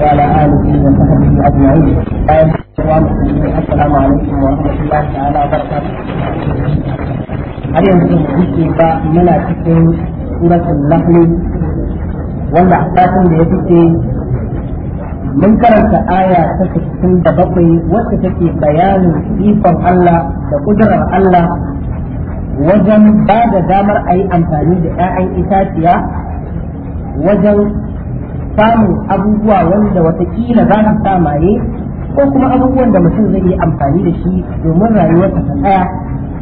وعلى آله وصحبه أجمعين السلام عليكم ورحمة الله تعالى وبركاته har yanzu da kuke ba muna cikin suratul nahl wanda a da ya fice mun karanta aya da bakwai wacce take bayanin ikon Allah da kudurar Allah wajen ba da damar a yi amfani da 'ya'yan itaciya wajen samun abubuwa wanda watakila za su samaye ko kuma abubuwan da mutum zai yi amfani da shi domin rayuwarsa ta tsaya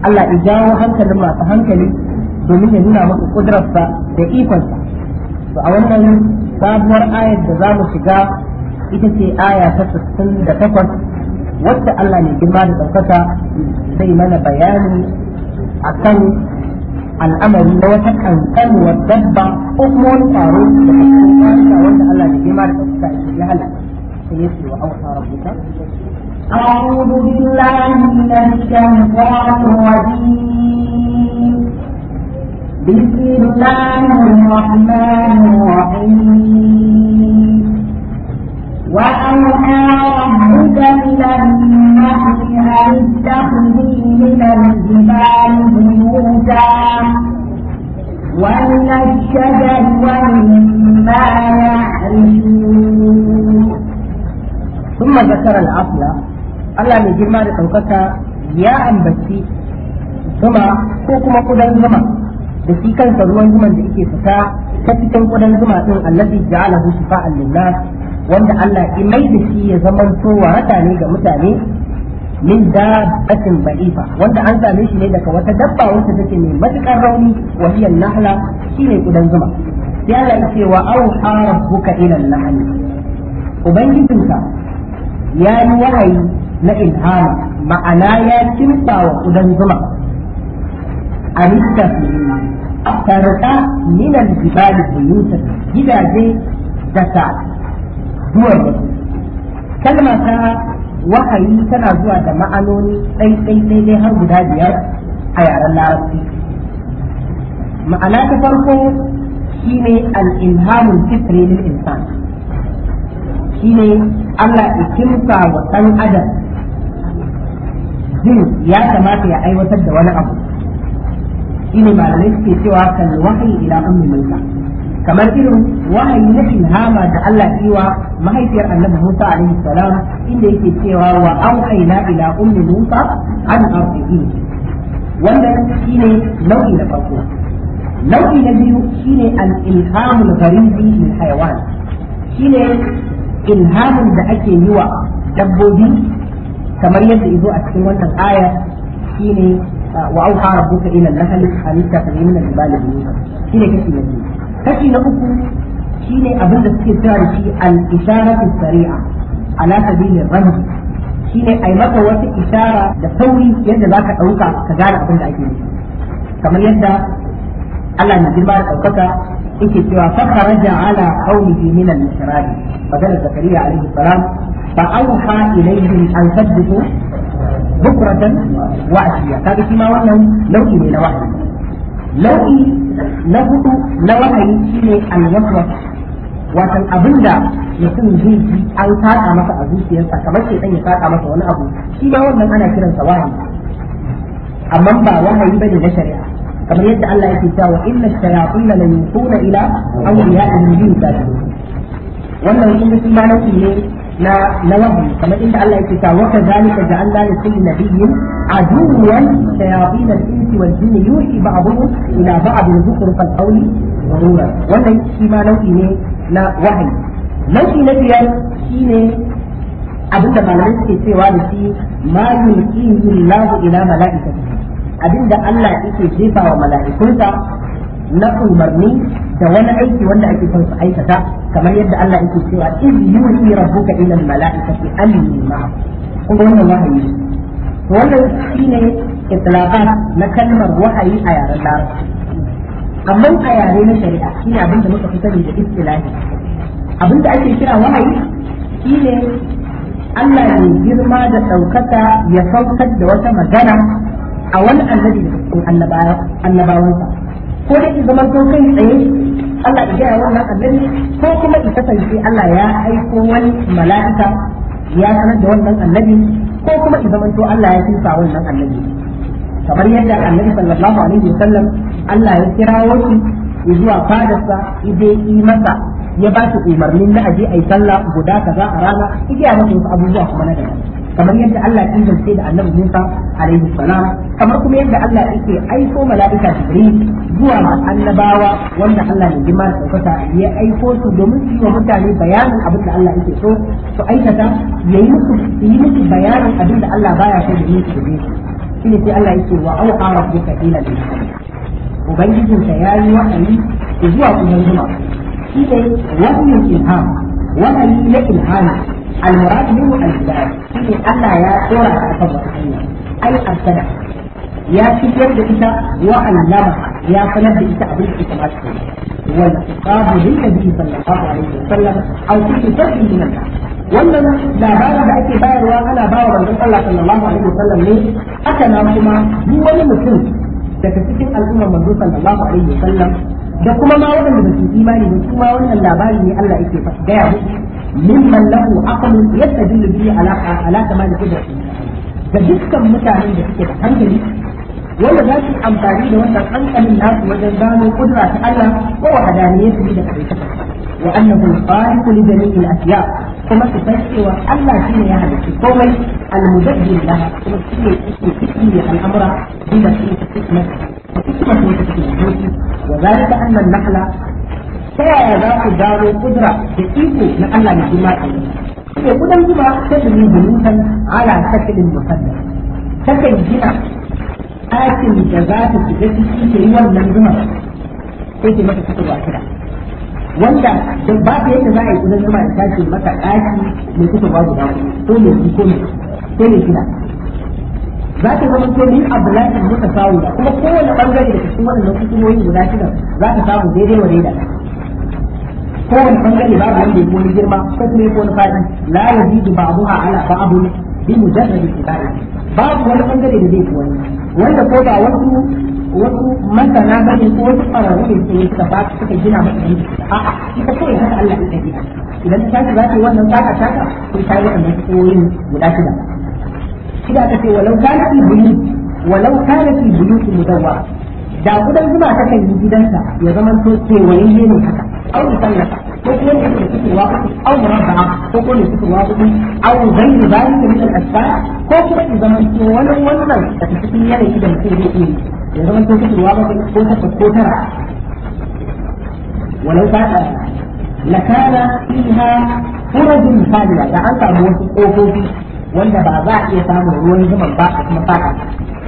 Allah ya jawo hankalin masu hankali domin ya nuna masa kudurarsa da ikonsa to a wannan sabuwar ayar da za mu shiga ita ce aya ta takwas, wacce Allah ne girma da ɗaukaka zai mana bayani akan al'amari na wata kankanuwar dabba ko kuma wani taro da ake kwanka wanda Allah da girma da ɗauka ya halatta sai ya ce wa auka rabbuka أعوذ بالله من الشيطان الرجيم بسم الله الرحمن الرحيم وأوحى ربك إلى النحل أن اتخذي من الجبال بيوتا ومن الشجر ومما ثم ذكر العقل Allah mai girma da ɗaukaka ya ambaci zuma ko kuma kudan zuma da shi kansa ruwan zuman da yake fita ta cikin kudan zuma ɗin allazi ja'alahu shifa'an lillah wanda Allah ya mai da shi ya zama to waraka ne ga mutane min dabbatin ba'ifa wanda an same shi ne daga wata dabba wata take mai matukar rauni wa hiya nahla shine kudan zuma sai Allah ce wa au rabbuka ila an-nahl ubangijinka ya yi wahayi na ilhama ma'ana ya kimsa wa kudan zuma a littafi tarka minan jibali buyutan gidaje da ta. duwar wasu kalma ta wahayi tana zuwa da ma'anoni ɗai ɗai har guda biyar a yaren larabci ma'ana ta farko shi ne ilhamul fitri lil insan ne Allah ya kimsa wa ɗan adam jin ya kamata ya aiwatar da wani abu ne malamai suke cewa kan wahayi ila ummi mulka kamar irin wahayi na ilhama da Allah yi wa mahaifiyar annabi Musa alaihi salam inda yake cewa wa auhayna ila ummi Musa an arzihi wannan shine nau'i na farko nau'i na biyu shine al-ilhamul gharizi lil hayawan shine ilhamin da ake yi wa dabbobi kamar yadda izo a cikin wannan aya shine ah, wa auha rabbuka ila an-nahl an tattakhidha min al-jibali buyuta shine kashi na biyu kashi na uku shine abin da suke cewa shi al-isharatu sari'a ala sabilir rajm shine ai maka wata ishara da sauri yadda zaka dauka ka gane abin da ake yi kamar yadda Allah na girma da daukaka yake cewa fa kharaja ala qaumihi min al-ishraq badal zakariya alaihi salam fa awha ilayhim an saddiqu bukratan wa ashiya kaga shi ma wannan nau'i ne na wahayi nau'i na hudu na wahayi shine al-waswas watan abinda mutum zai ji an saka masa a zuciyarsa kamar ke ya saka masa wani abu shi ma wannan ana kiran kiransa wahayi amma ba wahayi bane na shari'a kamar yadda Allah yake cewa wa inna shayatin la yusuna ila awliya'ihim bil wannan kun shi ma nan ne na na wahayi kamar inda Allah yake cewa wa kadhalika ja'alna li kulli nabiyyin aduwwan shayatin al-insi wal jinni yuhi ba'dhum ila ba'd dhukra al-qawli wannan shi ma nau'i ne na wahayi nau'i na biyar shine abinda malamai suke cewa da shi ma yulqihi Allahu ila abinda Allah yake jefa wa mala'ikunsa na umarni da wani aiki wanda ake son su aikata kamar yadda Allah yake cewa iz yuhi rabbuka ila al-mala'ikati anni ma'a kuma wannan wahayi wannan shine itlaqat na kalmar wahayi a yaren Larabci amma a yare na shari'a shi ne abinda muka fi sani da istilahi abinda ake kira wahayi shi ne Allah ne girma da ɗaukaka ya saukar da wata magana a wani annabi da cikin annabawansa ko da ke zama ko kai tsaye Allah ya gaya wannan annabi ko kuma ki kasance Allah ya aiko wani mala'ika ya sanar da wannan annabi ko kuma ki zama to Allah ya tusa wannan annabi kamar yadda annabi sallallahu alaihi wasallam Allah ya kirawo shi zuwa fadarsa idai yi masa ya ba shi umarnin na aje ai sallah guda kaza a rana igiya masa wasu abubuwa kuma na daban kamar yadda Allah ya ingance da Annabi Musa alaihi salam kamar kuma yadda Allah yake aiko mala'ika Jibril zuwa ga annabawa wanda Allah ne jima da ya aiko su domin su wa mutane bayanin abin da Allah yake so su aikata ya yi musu yi musu bayanin abin da Allah baya so da yi su shi ne sai Allah yake wa au'a rabbuka ila al ubangijinsa ya yi wa'ayi zuwa kudan zuma shi dai wannan ilham wa'ayi na ilhama almurad min al-hidayah shi ne Allah ya tsora ta kan wata hanya ai arsala ya fitar da ita wa allama ya sanar da ita abin da kamar su wal iqabu lil nabi sallallahu alaihi wasallam aw fi fadli min Allah wannan labarin da ake bayarwa ana bawa manzon Allah sallallahu alaihi wasallam ne Aka na kuma duk wani mutum daga cikin al'ummar manzo sallallahu alaihi wasallam da kuma ma waɗanda ba su imani ba su ma wannan labari ne Allah yake fa gaya mu mimman lahu aqlun yastadillu bihi ala ala kamal qudrati da dukkan mutanen da suke da hankali wanda za su amfani da wannan hankalin nasu wajen gano kudura ta Allah ko hadaniyyar da kai wa annahu khaliqu li jami'il asya' kuma su san cewa Allah shi ne ya halicci komai al-mudabbir da kuma shi ne yake cikin da al'amura inda shi ne cikin da kuma shi da cikin doki wa zalika anna an-nahla ta yaya za ku dawo kudura da iko na Allah ne kuma shi ne kudan kuma ta da ni bulutan ala sakilin musallam takan gina ɗakin da za ta shiga ciki ta yi wannan zuma sai ta mata fitowa kira wanda don ba ta yadda za a yi kudin zama ya tashi masa ɗaki mai kuka ba guda ko mai ji ko mai ko mai gida za ta zama ko ni abu lafi muka samu da kuma kowane bangare da cikin waɗannan hukumomi guda shida za ta samu daidai wa daida kowane bangare ba wanda ya wani girma ko kuma ya wani faɗi la yazidu ba'daha ala ba'dun bi mujarrad al-ibada babu wani bangare da zai wani wanda ko ba wasu wasu masana ba ne ko wasu ƙwararru ne su yi ba suka gina masa ne a'a ita kawai haka Allah ya ta gina idan ta tashi za ta yi wannan ba a taka sai ta yi waɗannan koyin guda shida shida ta ce walau kana fi bulu walau kana fi bulu su mudawwa da kudan zuma ta kan yi gidansa ya zama to kewayen ne haka au musallata ko kuma ne suke fitowa au murabba'a ko kuma ne suke wasu au gairu zalika min al-asfar ko kuma ya zama to wannan wannan da cikin yanayi da mutum zai iya ya zama sun kasu ya bakin ko takwas ko tara walau ta ta lakana fiha furajin fadiya da an samu wasu kofofi wanda ba za a iya samun ruwan zuman ba a kuma fata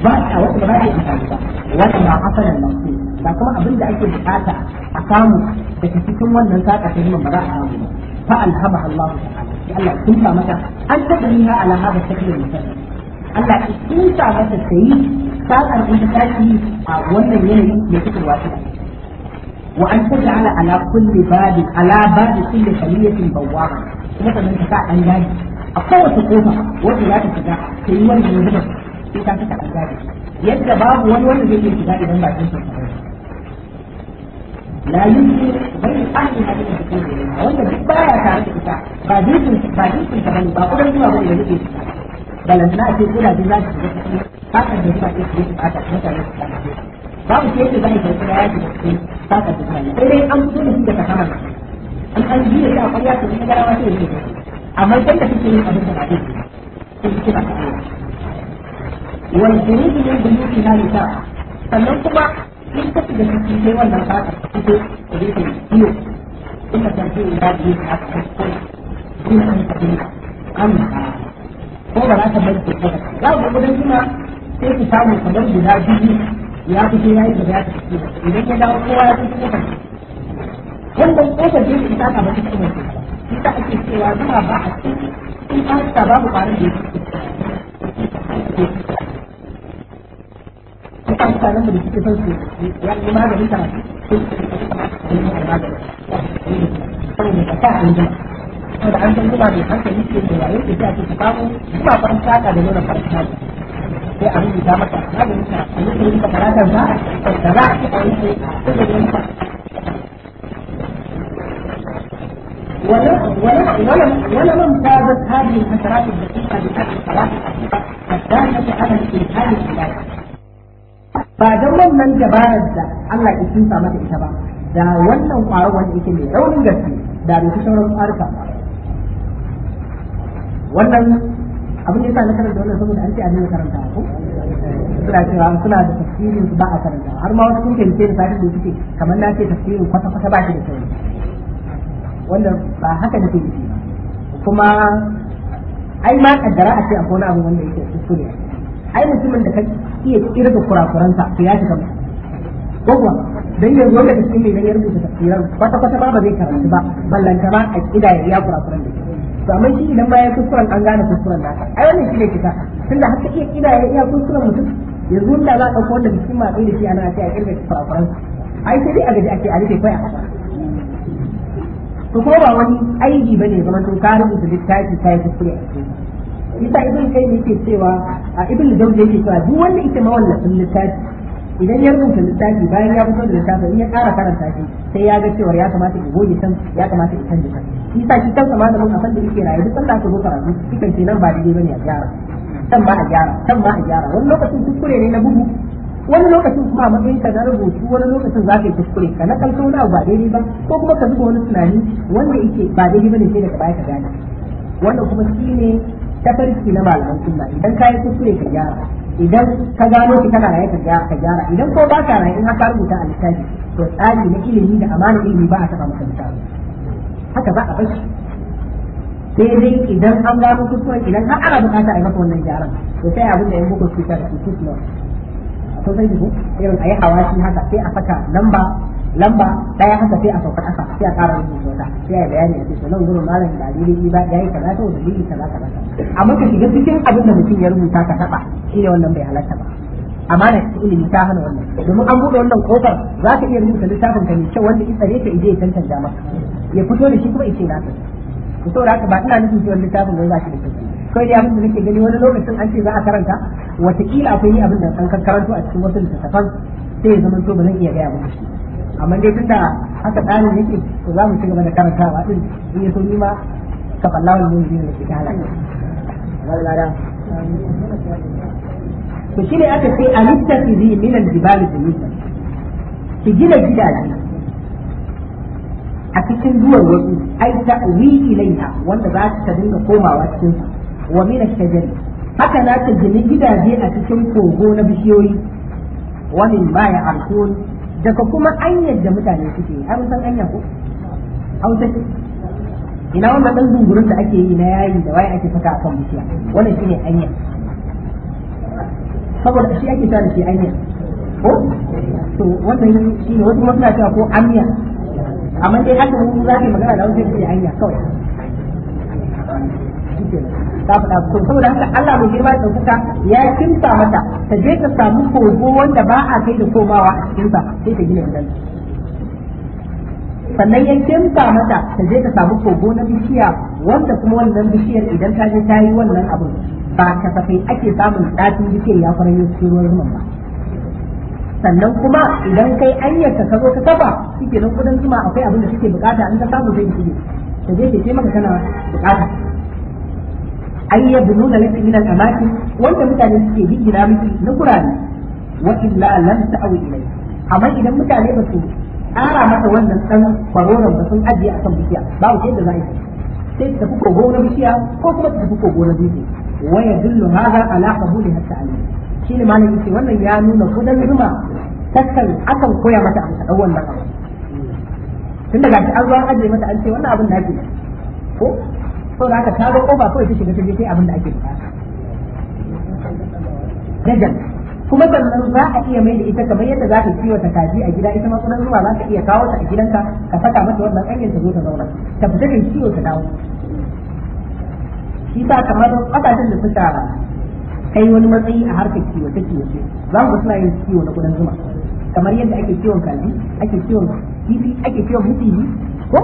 ba a wasu ba za a iya samu ba wannan ba asalin nan ba kuma abin da ake bukata a samu daga cikin wannan saka ta zuman ba za a samu ba fa alhamaha Allah ta'ala Allah sun mata an tabbiha ala hada shakli musallam Allah ya kusa masa ta yi sa'ar da ta ci a wannan yanayi da kuka wata wa an ta ala ala kulli babin ala babin sun da shariyatin bawa kuma sannan ta sa'ar an gani Akwai wata kofa wata za ta shiga ta yi wani yanzu da sai ta fita an gani yadda babu wani wanda zai yi shiga idan ba sun sun sun la yin su bai yi an yi hadin da suke wanda duk baya tare da ita ba dukkan ba dukkan ta bane ba kudan zuwa ba da suke shiga balantana a ce kuraje za su shiga cikin sakar da suna iya su bata mutane su kama su babu ke yadda zai kai kuma ya shiga cikin sakar da suna yi sai dai an fito da su daga an an yi da a kwarya su ne garawa ta yake amma sai da suke yin abin da ba zai sai suke ba su wani jini ne da na sannan kuma in ka da cikin sai wannan sakar fito ko zai ta yi in ka san sai ya biyo a cikin kuma an ka biyo an ko ba za ta mai ba za ku gudan kuma sai ku samu kamar guda biyu ya fi sai yayi da ya ta idan ya dawo kowa ya fito kan wannan kofar da yake taka ba cikin wannan shi ta ake cewa zuwa ba a cikin in an ta babu ƙwarin da yake ta mutanen da suke son su ya yi maganin ta su ne da ta da an san zuba mai hankali ke mai wayo da ta ce ta kawo zuba fa saka da nuna farka sai a rubuta mata da ta a yi kuma karatar ba da za a ci a yi da yin fa ولمن فازت هذه الفترات الدقيقة بأكل صلاة الحقيقة الدالة على الإنسان الإلهي. بعد من جبارة الله يسلم متى إتبع. da wannan ƙwaron wanda yake mai raunin gaske da bai fi sauran ƙwarukan ba wannan abin da sa na karanta wannan saboda an ce an yi karanta ko suna cewa suna da tafsirin su ba a karanta har ma wasu kuke ce da sai da suke kamar na ce tafsirin kwata kwata ba shi da kai wanda ba haka da take ba kuma ai ma kaddara a ce akwai wani abu wanda yake kuskure ai mutumin da ka iya kirga kurakuransa to ya kamar gogwa dan yanzu wanda kake mai ya rubuta tafsirin kwata kwata ba ba zai karanta ba ballantana a kidaya ya kurakuran da to amma shi idan bayan kuskuren an gane kuskuren nasa ai wannan shi ne kita tunda haka iya kina ya iya kuskuren mutum yanzu da za a ɗauko wanda bikin ma da shi ana sai a kirga shi fara ai sai dai a gaji ake a rufe kai a kafa to ko ba wani aiki bane ya zama to ka rubuta littafi kai kuskure a cikin isa ibn kai ne yake cewa a ibn daud yake cewa duk wanda yake mawallafin littafi idan ya rubuta littafi bayan ya fito da littafi in ya ƙara karanta shi sai ya ga cewa ya kamata ya goge can ya kamata ya canje can shi sa shi kansa malamin a san da yake rayu duk sanda aka zo karatu shi kan ce nan ba daidai bane a gyara can ba a gyara can ba a gyara wani lokacin kuskure ne na bugu wani lokacin kuma a matsayin ka na rubutu wani lokacin za ka yi kuskure ka na kalto na ba daidai ba ko kuma ka zuba wani tunani wanda yake ba daidai bane sai daga baya ka gane wannan kuma shi ne tafarki na malaman sunna idan ka yi kuskure ka gyara idan ka gano shi kana raye ka gyara idan ko ba ka raye in haka rubuta a littafi to tsari na ilimi da amana ilimi ba a taɓa maka haka za a bar shi sai dai idan an gano kuskuren idan har ana bukata a yi masa wannan gyaran to sai abin da ya boko su ta su su su kun san ko irin a yi hawa shi haka sai a saka lamba lamba daya haka sai a sauka kasa sai a ƙara rubuta wata sai a bayani a cikin nan gurin malam da dalili ba yayi kaza to dalili kaza kaza amma ka shiga cikin abin da mutum ya rubuta ka taba shi ne wannan bai halatta ba amana ta ilimi ta hana wannan domin an bude wannan kofar za ka iya rubuta littafin ka ne kyau wanda in tsare ka ije ya maka ya fito da shi kuma ice naka to da haka ba ina nufin cewa littafin wai za ka da kai da abin da nake gani wani lokacin an ce za a karanta watakila akwai ni abin da an karanto a cikin wasu littattafan sai ya zama to ba zan iya gaya muku shi amma dai tunda haka tsarin yake to za mu ci gaba da karantawa din in ya so ni ma ka fallawa ne ne da ke halaka to ne aka ce anittakhidhi min al-jibali buyuta ki gina gidaje a cikin duwar wasu ai ta'wi ilaiha wanda za ta dinga komawa cikin wa min ash-shajari haka na ta gina gidaje a cikin kogo na bishiyoyi wa min ma ya'qul daga kuma anyar da mutane suke an san anya ko hausa ce ina wannan dan zungurin da ake yi na yayi da waye ake saka a kan bishiya wannan shine anyar saboda shi ake sa da shi ainihin ko to wannan shi ne wasu masu cewa ko amiya amma dai haka mun za ka magana da wasu shi anya kawai ta faɗa ko saboda haka Allah mai girma da kuka ya kinta mata ta je ta samu kogo wanda ba a kai da komawa a cikin sa sai ta gina gidan sannan ya kinta mata ta je ta samu kogo na bishiya wanda kuma wannan bishiyar idan ta je ta yi wannan abin ba kasafai ake samun ɗafin jikin ya kwarai cikin ruwan zuman ba sannan kuma idan kai anyarka ka zo ka kafa suke nan kudin zuma akwai abin da suke bukata an ka samu zai shige da zai ke maka kana bukata an yi yadda nuna lafi na amaki wanda mutane suke gina miki na kurani wa illa lam ta'awu ilai amma idan mutane ba su ƙara masa wannan san kwaroron ba sun ajiye a kan bishiya ku yadda za a yi sai su tafi kogo na bishiya ko kuma su tafi kogo na dutse Waya yadullu hadha ala qabuliha ta'lim shi ne malami yace wannan ya nuna ko dan rima takan akan koya mata amsa dan wannan abu tun daga shi an zo an ajiye mata an ce wannan abin da ake ko ko da aka kawo kofa kawai ta shiga ta je kai abin da ake bukata dajal kuma sannan za a iya mai da ita kamar yadda za ka kiwata kaji a gida ita ma kuma zuwa za ka iya kawo ta a gidanka ka saka mata wannan ƙanyar ta zo ta zauna ta fita ta kiwo ta dawo shi sa kamar kasashen da suka kai wani matsayi a harkar kiwo ta kiwo ce za mu suna yin kiwo na kudin zuma kamar yadda ake kiwon kaji ake kiwon kifi ake kiwon mutiji ko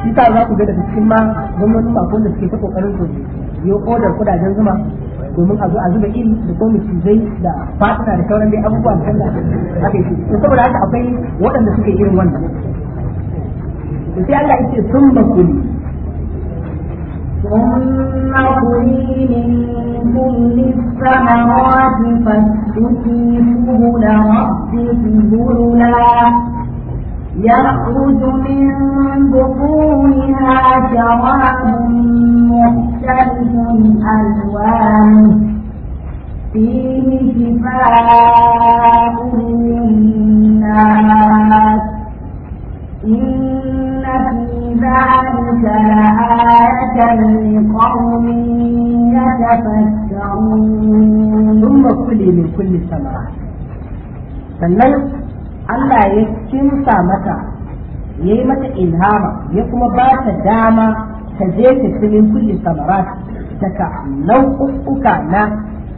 shi sa za ku ga daga cikin ma gwamnatin makon da suke ta kokarin su yi odar kudajen zuma domin a zo a zuba iri da komiti zai da fatina da sauran dai abubuwa da kalla haka yake to saboda haka akwai waɗanda suke irin wannan sai Allah yake sun makuli ثم كلي من كل الثمرات فاسلكي سبل ربك ذللا يخرج من بطونها شراب مختلف ألوانه فيه شفاء للناس إن في ذلك لآية لقوم يتفكرون ثم كلي من كل الثمرات sannan Allah ya kinsa mata ya yi mata ilhama ya kuma bata dama ta je ta filin kulli samarat daga nau'uka na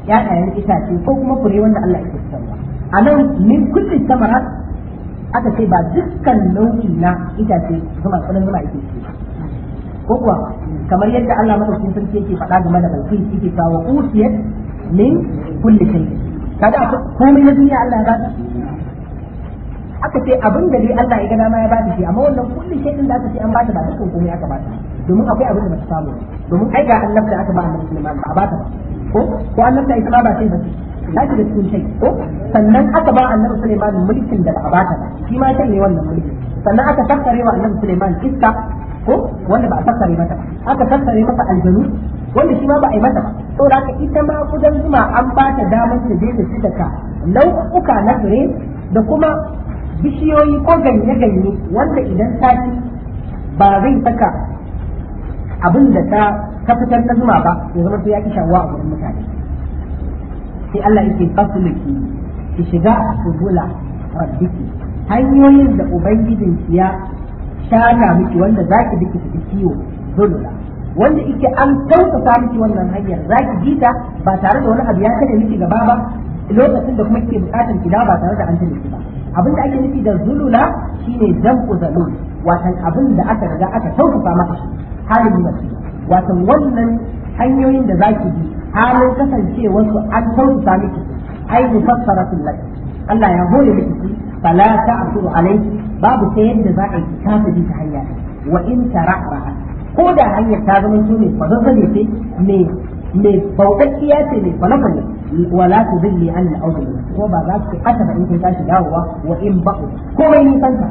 ‘ya'yayen itace ko kuma fure wanda Allah ya kinsa a nan min kulli aka ce ba dukkan nau'i na itace zuma tsanan zuma yake ci ko kuwa kamar yadda Allah madaukakin sarki yake faɗa game da balqis yake cewa usiyat min kulli shay kada komai na duniya Allah ya ba aka ce abin da dai Allah ya ga dama ya ba shi amma wannan kulli shay din da aka ce an ba ta ba dukkan komai aka ba ta domin akwai abin da ba ta samu domin ai ga Allah aka ba Allah ba ba ta ko ko an ta ita ba ta ba ta shiga cikin shai ko sannan aka ba annabi Sulaiman mulkin da ba a bata shi ma shai ne wannan mulkin sannan aka tattare wa annabi Sulaiman iska ko wanda ba a tattare mata ba aka tattare masa aljanu wanda shi ma ba a yi mata ba saboda haka ita ma kudan zuma an ba ta damar ta da ta cika nau'uka na fure da kuma bishiyoyi ko ganye-ganye wanda idan ta ci ba zai saka abin da ta fitar ta zuma ba ya zama ta ya ki shawuwa a wurin mutane sai Allah yake fasulki ki shiga subula rabbiki hanyoyin da ubangijin ya shata miki wanda zaki biki ki zulula wanda yake an tausasa miki wannan hanyar zaki ji ta ba tare da wani abu ya kada miki gaba ba lokacin da kuma kike bukatar ki ba tare da an tare ki ba abin da ake nufi da zulula shine jam'u zalul watan abin da aka riga aka tausasa maka shi halin mutum wato wannan hanyoyin da zaki bi halin kasancewar su an tausa miki ai mu fassara mufassaratul lak Allah ya hore miki fala ta'suru alai babu sai yadda za a yi kafa bi ta hanya wa in tarahra ko da hanyar ta zama to ne kwazazzale ce ne mai bautakkiya ce mai kwalakwale wala su zille an al'aure ko ba za su kasa ba in kun tashi dawowa wa in ba'u komai nisan ka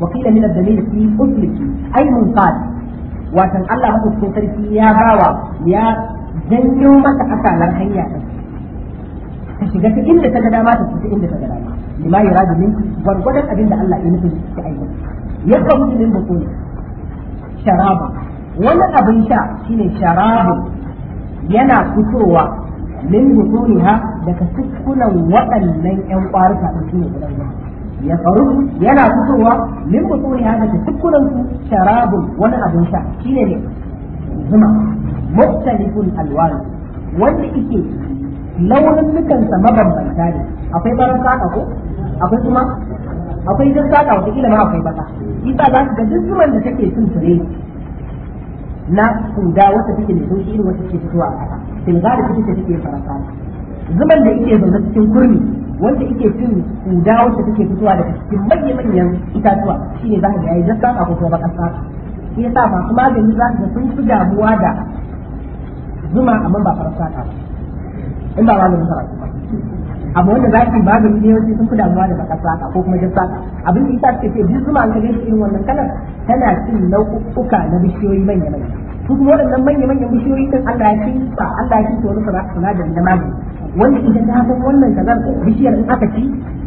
wakila min ad-dalil fi usliki ay munqad watan Allah madaukakin sarki ya bawa ya janyo mata asalan hanya ta shiga ta inda ta ga dama ta fita inda ta ga dama lima yara da minki gwargwadon abin da Allah ya nufin ta aiki. ya kawo musulun mutum sharaba wani abin sha shine sharabu yana fitowa min ha daga sukunan waɗannan ƴan da su ne gudanar ya faru yana fitowa min butuni hada ta tukunan su sharabun wani abin sha Shi ne zuma muktalifun alwan wanda yake launin nukansa mabambanta ne akwai baran saka ko akwai kuma akwai duk saka wata kila ma akwai baka isa za su ga duk zuman da take cin fure na kuda wata take da sauki irin wata take fitowa a kasa tilgari ita ce take faransa zuman da yake zaune cikin kurmi wanda yake cin kuda wanda take fitowa daga cikin manyan manyan itatuwa shine za ka ga yayi zakka a kuma ba sa shi ya ba kuma magani za ka sun fi damuwa da zuma man ba farsa ta in ba malamin karatu ba abu wanda za ka magani ne yawanci sun fi damuwa da baka sa ko kuma jasa abin da yasa suke ce duk zuma ka ga irin wannan kalar tana cin nau'uka na bishiyoyi manya manya su kuma waɗannan manya manyan bishiyoyi sun Allah ya ci ba Allah ya ci wani sana'a da magani wanda idan ta san wannan kaza bishiyar in aka ci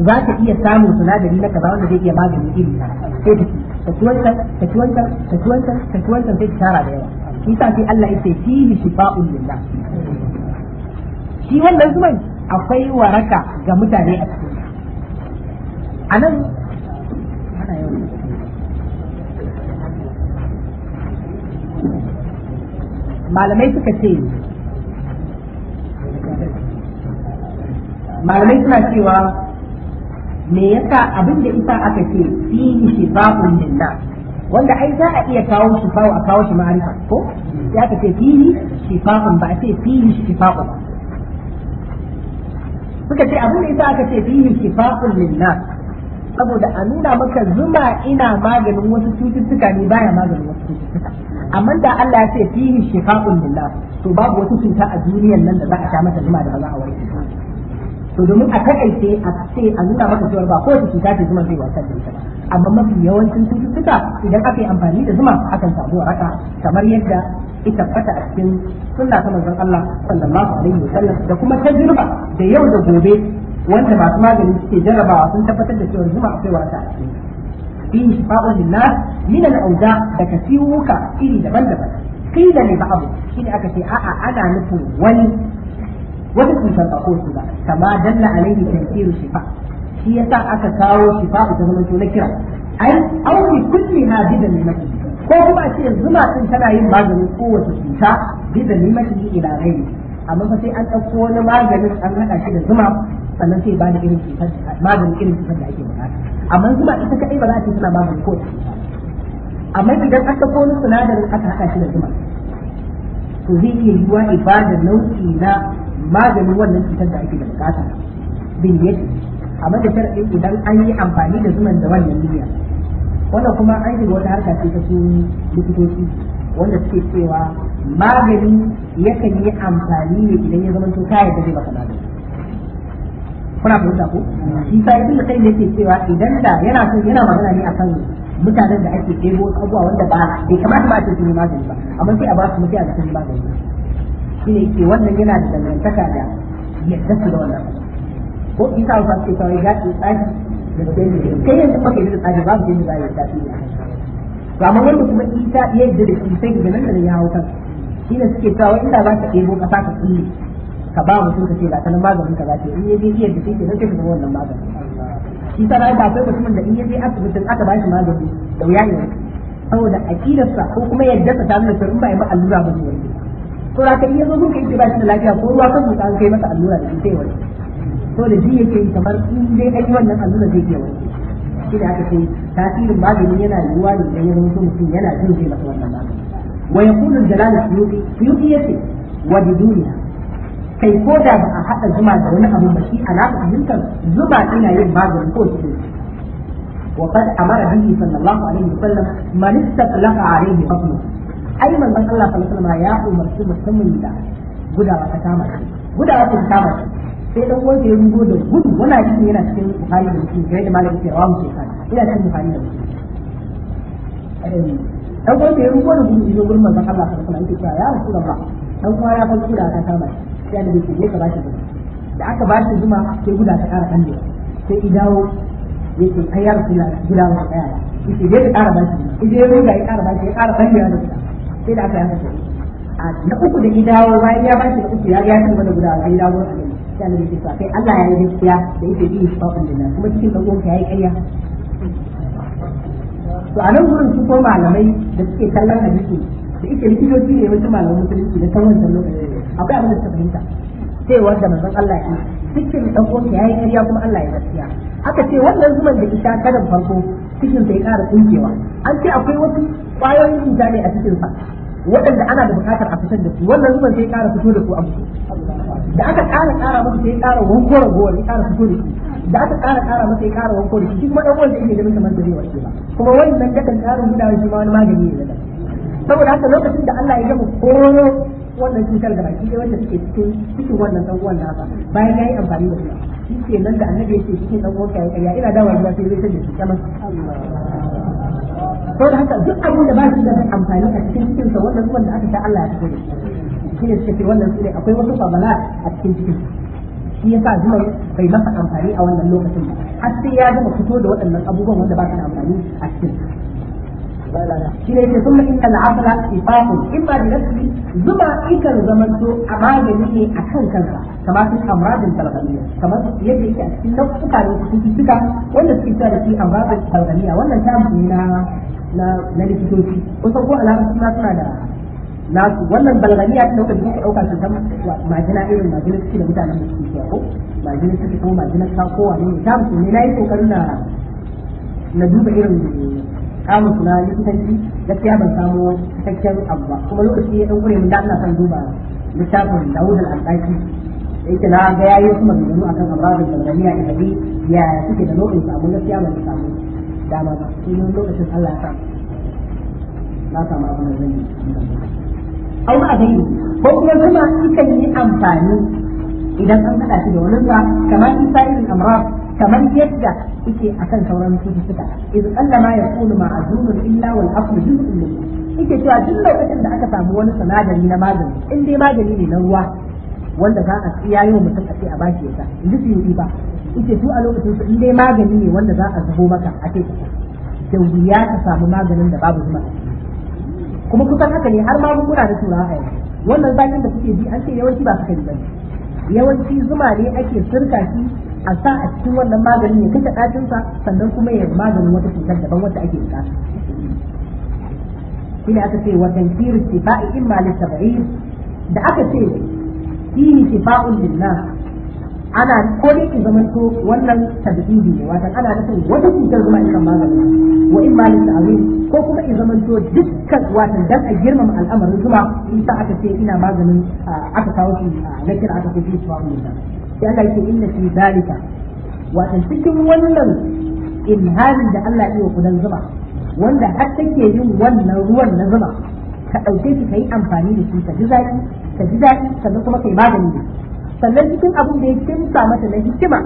za ta iya samun sinadari na kaza wanda zai iya magani iri na sai ta ci ta ci wancan ta ci wancan ta ci wancan ta ci wancan sai ta tara da yawa shi sa sai Allah yake fihi shifa'un lillah shi wannan zuman akwai waraka ga mutane a cikin a nan malamai suka ce malamai suna cewa me yasa abin da isa aka ce fihi shifa'un linnas wanda ai za a iya kawo shifa'u a kawo shi ma'arifa ko ya ka ce fihi shifa'un ba a ce fi fihi shifa'un suka ce abin da isa aka ce fihi shifa'un linnas saboda a nuna maka zuma ina maganin wasu cututtuka ne baya maganin wasu cututtuka amma da Allah ya ce fihi shifa'un linnas to babu wata cuta a duniyar nan da za a sha mata zuma da ba za a warke to domin a takaice a ce a nuna maka cewa ba ko ta ce zuma zai wasan da ita ba amma mafi yawancin cututtuka idan aka yi amfani da zuma akan samu waraka kamar yadda ita fata a cikin sunna ta manzon Allah sallallahu alaihi wasallam da kuma tajriba da yau da gobe wanda masu magani suke jarrabawa sun tabbatar da cewa zuma akwai waraka a cikin fi shifa'un lillah min al-awda da kasiwuka iri daban-daban qila li ba'd shine aka ce a'a ana nufin wani wata cutar ba ko su ba kama dalla alaihi tankiru shifa shi yasa aka kawo shifa ta zama to na kira ai auri kulli ha bidan limati ko kuma a ce zuma din tana yin maganin kowace cuta bidan limati ila ghairi amma fa sai an ɗauko wani maganin an haɗa shi da zuma sannan sai ba da irin cutar maganin irin cutar da ake bukata amma zuma ita kaɗai ba za ta tana maganin kowace cuta amma idan aka ko wani sinadarin aka haɗa shi da zuma to zai iya yiwuwa ibada nau'i na maganin wannan cutar da ake da bukata bin yake a da sharaɗin idan an yi amfani da zuman da wannan niyya wannan kuma an yi wata harka ce ta sun likitoci wanda suke cewa magani yakan yi amfani ne idan ya zama to kayan da zai baka magani kuna fahimta ko shi sa sai ne yake cewa idan da yana so yana magana ne akan mutanen da ake ɗebo abubuwa wanda ba bai kamata ba a ce su magani ba amma sai a ba su mutai a ga sun magani shi ne ke wannan yana da dangantaka da yadda su da wannan ko sa ba ce kawai ga ce tsaki da tsaki kai yanzu ba ka yi da tsaki ba mu ne ba ya yadda su ba to amma wanda kuma isa ya yadda da shi sai ga nan da ya hauka shi ne suke cewa inda ba ka ɗebo ƙasa ka kulle ka ba mutum ka ce ba ta nan maganin ka ba ce in ya yadda shi ke nan sai ka wannan maganin shi ta ba akwai mutumin da in ya asibitin aka ba shi magani da wuya ne saboda aqidarsa ko kuma yadda ta nuna cewa in ba yi ba allura ba ne to da iya zo kun ita ba shi lafiya ko ruwa kan an kai masa allura da sai wani to da ji yake kamar in dai ai wannan allura zai ke wani shi da aka ce tasirin magani yana yiwuwa ne dan yazo mutum yana jin zai masa wannan magani wa yaqulu jalal suyuti suyuti yace wa biduniha kai ko da ba a haɗa zuma da wani abu ba shi ala fahimtar Zuba ina yin magani ko ce وقد أمر به صلى الله عليه وسلم من استطلق عليه فضله ai manzon Allah sallallahu alaihi wasallam ya umarci musamman da gudawa ta kama shi gudawa ta kama shi sai dan wanda ya rugo da gudu wala shi yana cikin bukhari da muslim kai da sai rawu sai ina cikin bukhari da dan wanda ya rugo da gudu ya gurin manzon Allah sallallahu alaihi wasallam ya cewa ya dan uwa ya fara gudawa ta kama shi sai da yake ka bashi shi da aka shi zuma sai guda ta kara kalle sai idawo yake kai ya gudawa ta kaya sai ya kara bashi idan ya ruga ya kara shi ya kara sai da aka yanka shi a da uku da idawo bayan ya bashi da uku ya ga ya san wani guda sai dawo a nan sai Allah ya ce kai Allah ya yi gaskiya da yake bi shi fafin da kuma cikin kago ka yayi ƙarya to a nan gurin su ko malamai da suke kallon hadisi da yake likitoci ne wasu malamai musulunci da sauran da lokaci akwai abin da suka fahimta sai wanda manzon Allah ya yi cikin dan uwanka yayi ƙarya kuma Allah ya gaskiya aka ce wannan zuman da ita karan farko cikin sai ƙara tsinkewa an ce akwai wasu ƙwayoyin cuta ne a cikin sa waɗanda ana da buƙatar a fitar da su wannan zuban sai ƙara fito da su a mutu da aka ƙara ƙara masa sai ƙara wanko gowar ya ƙara fito da su da aka ƙara ƙara masa sai ƙara wanko da shi duk maɗan da yake ganin kamar da zai warke ba kuma wannan dakan ƙarin gudawa shi ma wani magani ne da saboda haka lokacin da Allah ya gama koro wannan cutar da baki ɗaya wanda suke cikin cikin wannan ɗan uwan nasa bayan ya yi amfani da su shi ke nan da annabi yake shi ne dan uwanka ya kariya ina dawo gida sai zai sanya shi kamar saboda haka duk abin da ba shi da amfani a cikin cikin sa wannan ruwan da aka sha Allah ya tafi shi ne suke wannan su ne akwai wasu fabala a cikin cikin shi ya sa zuman bai masa amfani a wannan lokacin ba har sai ya zama fito da waɗannan abubuwan wanda ba su da amfani a cikin shi ne ce kuma inda la'afala ifafun in ba da nasiri zuma ikan zamanto a magani ne a kan kansa kamar su amradin talgaliya kamar su yadda yake a cikin nau'uka ne su cututtuka wanda suke cewa da shi amradin talgaliya wannan ta mutu na na likitoci kusan ko alamun suna suna da nasu wannan balgariya ta dauka jini dauka su san majina irin majina suke da mutanen da suke kiyaye ko majina suke kuma majina ta kowa ne ta mutu ne na yi kokarin na na duba irin kamun suna da gaskiya ban samu cikakken abu ba kuma lokaci ya ɗan ƙure mun da ina son duba littafin Dawud al da yake na ga yayi kuma maganganu akan da jamaniya da hadi ya suke da nau'in samu amma gaskiya ban samu dama ba kuma lokacin Allah ya sa na samu abu da zan yi a ma dai ko kuma zama sukan yi amfani idan an hada shi da wani ruwa kamar isa'irin amrad kamar yadda yake akan sauran cututtuka iz qalla ma yakunu ma'azunun illa wal aqlu juz'un min yake cewa duk lokacin da aka samu wani sanadari na magani in dai magani ne na ruwa wanda za a tsiya yau mutum a a bashi ya sa in ji su ba yake su a lokacin su in dai magani ne wanda za a zubo maka a ce da wuya ka samu maganin da babu zuma kuma kusan haka ne har magunguna da turawa a yanzu wannan zakin da kuke bi an ce yawanci ba su kai bane yawanci zuma ne ake sirka shi a sa a cikin wannan magani ya kashe ɗacinsa sannan kuma ya maganin wata cutar daban wadda ake bukata shi ne aka ce wa tankiru shifa'i imma li da aka ce fihi shifa'un lillah ana ko ne ki zaman to wannan tabbibi ne wata ana nufin wata cutar zuma ikan magani wa in malin ta'awil ko kuma in zaman to dukkan watan dan a girmama al'amarin zuma in sa aka ce ina maganin aka kawo shi na kira aka ce shi tuwa mun da sai Allah yake inna fi zalika watan cikin wannan ilhamin da Allah ya yi wa kudan zuma wanda har take yin wannan ruwan na zuma ka ɗauke shi ka yi amfani da shi ka ji daɗi, ka ji daɗi sannan kuma ka magani da shi sannan cikin abin da ya kimsa mata na hikima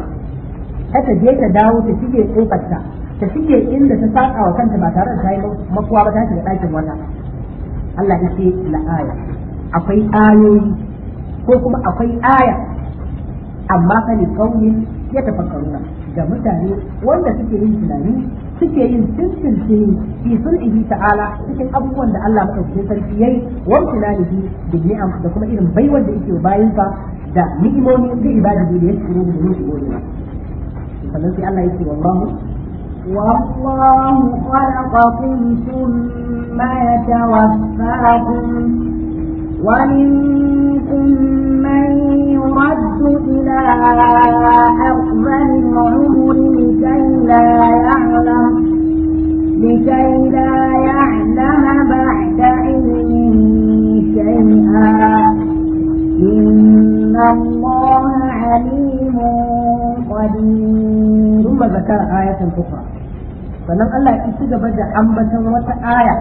ta je ta dawo ta shige kofarta ta shige inda ta saka wa kanta ba tare da ta yi makuwa ba ta shiga ɗakin wannan Allah ya ce la'aya aya akwai ayoyi ko kuma akwai aya amma fa ne kauye ya tafakkaruna ga mutane wanda suke yin tunani suke yin tintintin fi sulhihi ta'ala cikin abubuwan da Allah madaukakin sarki yayi wa tilalihi da ni'am da kuma irin baiwar da yake bayin sa da ni'imomi da ibadatu da yake yi da yake gode sannan sai Allah yake wallahu والله خلقكم ثم يتوفاكم ومنكم من يرد إلى أرض العمر لكي لا لكي لا يعلم بعد علم sannan Allah ya ci gaba da ambaton wata aya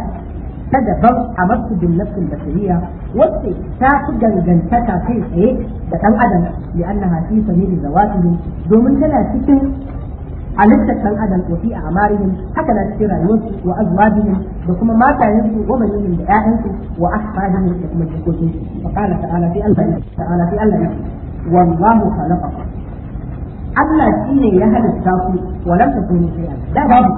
ta daban a masu bin nafsin basiriya wacce ta fi dangantaka kai tsaye da ɗan adam li annaha fi sabili zawatihi domin tana cikin halittar ɗan adam wa fi amarihim haka na cikin rayuwarsu wa azwajihim da kuma matayensu wa banihim da ƴaƴansu wa ashabihim da kuma jikokinsu fa qala ta'ala fi Allah ta'ala fi Allah wallahu khalaqakum Allah ne ya halitta ku wa lam takunu shay'an da babu